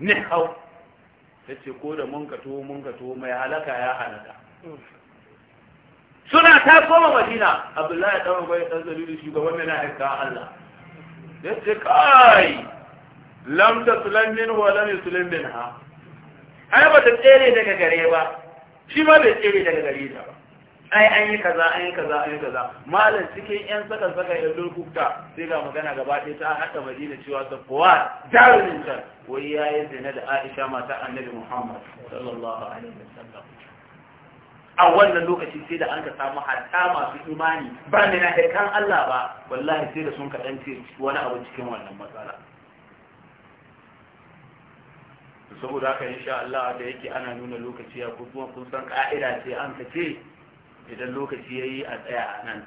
ne hau ta ce ko da mun ka tuwo mun tuwo mai halaka ya halaka suna ta koma madina abdullahi tsawon gwai ɗan zalilu shugaban mai na aika allah ya ce kai lam ta sulan wa lam yusulim ha ai ba ta tsere daga gare ba shi ma bai tsere daga gare ta ba ai an yi kaza an yi kaza an yi kaza malam cikin yan saka saka ya lokuta sai ga magana gaba ɗaya ta haɗa madina cewa ta kowa darulin ta wai yi zina da Aisha mata Annabi Muhammad sallallahu alaihi wasallam a wannan lokaci sai da an ka samu hatta masu imani ba ne na kan Allah ba wallahi sai da sun kaɗan ce wani abu cikin wannan matsala saboda haka insha Allah da yake ana nuna lokaci ya kuma kun san ka'ida sai an kace idan lokaci yayi a tsaya a nan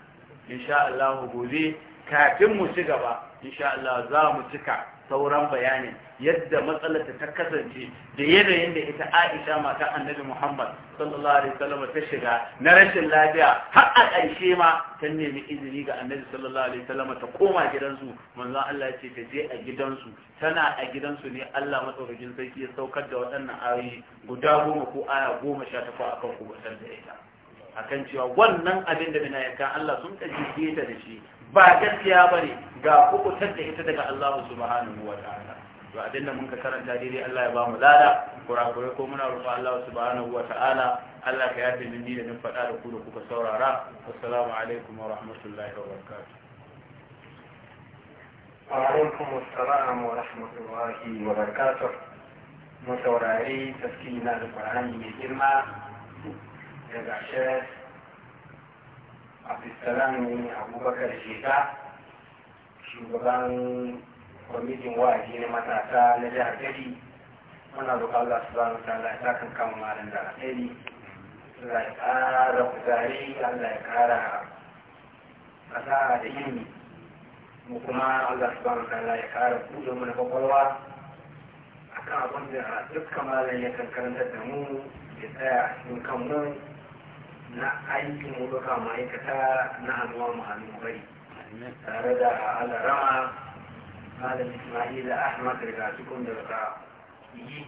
insha Allah gobe kafin mu ci gaba insha Allah za mu cika sauran bayanin yadda matsalar ta kasance da yanayin da ita Aisha mata Annabi Muhammad sallallahu alaihi wasallam ta shiga na rashin lafiya har a ƙarshe ma ta nemi izini ga Annabi sallallahu alaihi wasallam ta koma gidansu manzon Allah ya ce ta je a gidansu tana a gidansu ne Allah madaukakin sarki ya saukar da waɗannan ayoyi guda goma ko aya goma sha takwas akan kubutar da ita akan cewa wannan abin da bina yankan Allah sun kaji ta da shi ba gaskiya bane ga kubutar da ita daga Allah subhanahu wa ta'ala to abin mun ka karanta daidai Allah ya ba mu lada kurakure ko muna roƙo Allah subhanahu wa ta'ala Allah ka yafe min ni da min faɗa da ku da kuka saurara assalamu alaikum wa rahmatullahi wa barakatuh وعليكم السلام ورحمة الله na متوراري تسكين mai girma daga يا عبد السلام ne abubakar الشيخ shugaban kwamitin wa'azi na matasa na jihar Kebbi muna roƙa Allah ba wa ta'ala ya kan kama malam da alheri Allah ya ƙara kuzari Allah ya ƙara fasaha da ilimi mu kuma Allah ba wa ta'ala ya ƙara kuɗe mu na kwakwalwa kan abin da dukkan malam ya kan karanta da mu ya tsaya a cikin mu na aikin mu duka ma'aikata na hannuwa mu hannu bari. tare da alara'a malam ismail ahmad daga cikin da ka yi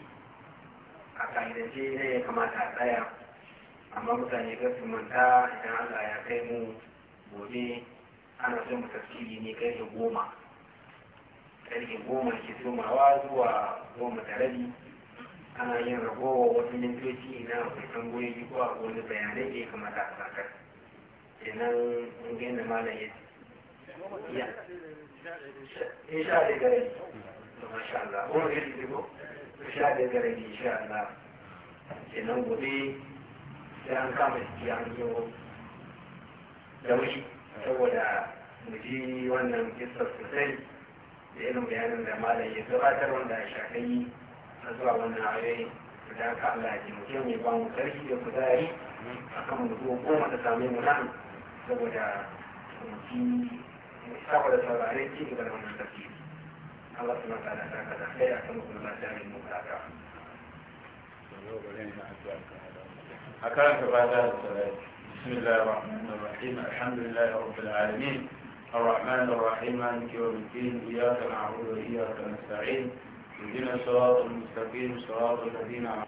a ne ya kamata a tsaya amma mutane ga su manta idan allah ya kai mu gobe ana son mu tafsiri ne kai da goma karfe goma ke somawa zuwa goma da rabi ana yin ragowa wasu mintoci ina akwai tambayoyi ko a wani bayanai da ya kamata a sakar kenan in malam ya ya insha da gare to masha Allah ko ne dibo insha da gare insha Allah kenan gobe sai an kama shi an zo da wuri saboda mu ji wannan kissa sosai da irin bayanin da malam ya gabatar wanda a shakai a zuwa wannan ayoyi da aka Allah ji mutum ya ba mu sarki da kuzari akan mu zo goma da same mu nan saboda mu ji الله سبحانه وتعالى أكرمك بعد هذا بسم الله الرحمن الرحيم الحمد لله رب العالمين الرحمن الرحيم مالك يوم الدين إياك نعبد وإياك نستعين اهدنا الصراط المستقيم صراط الذين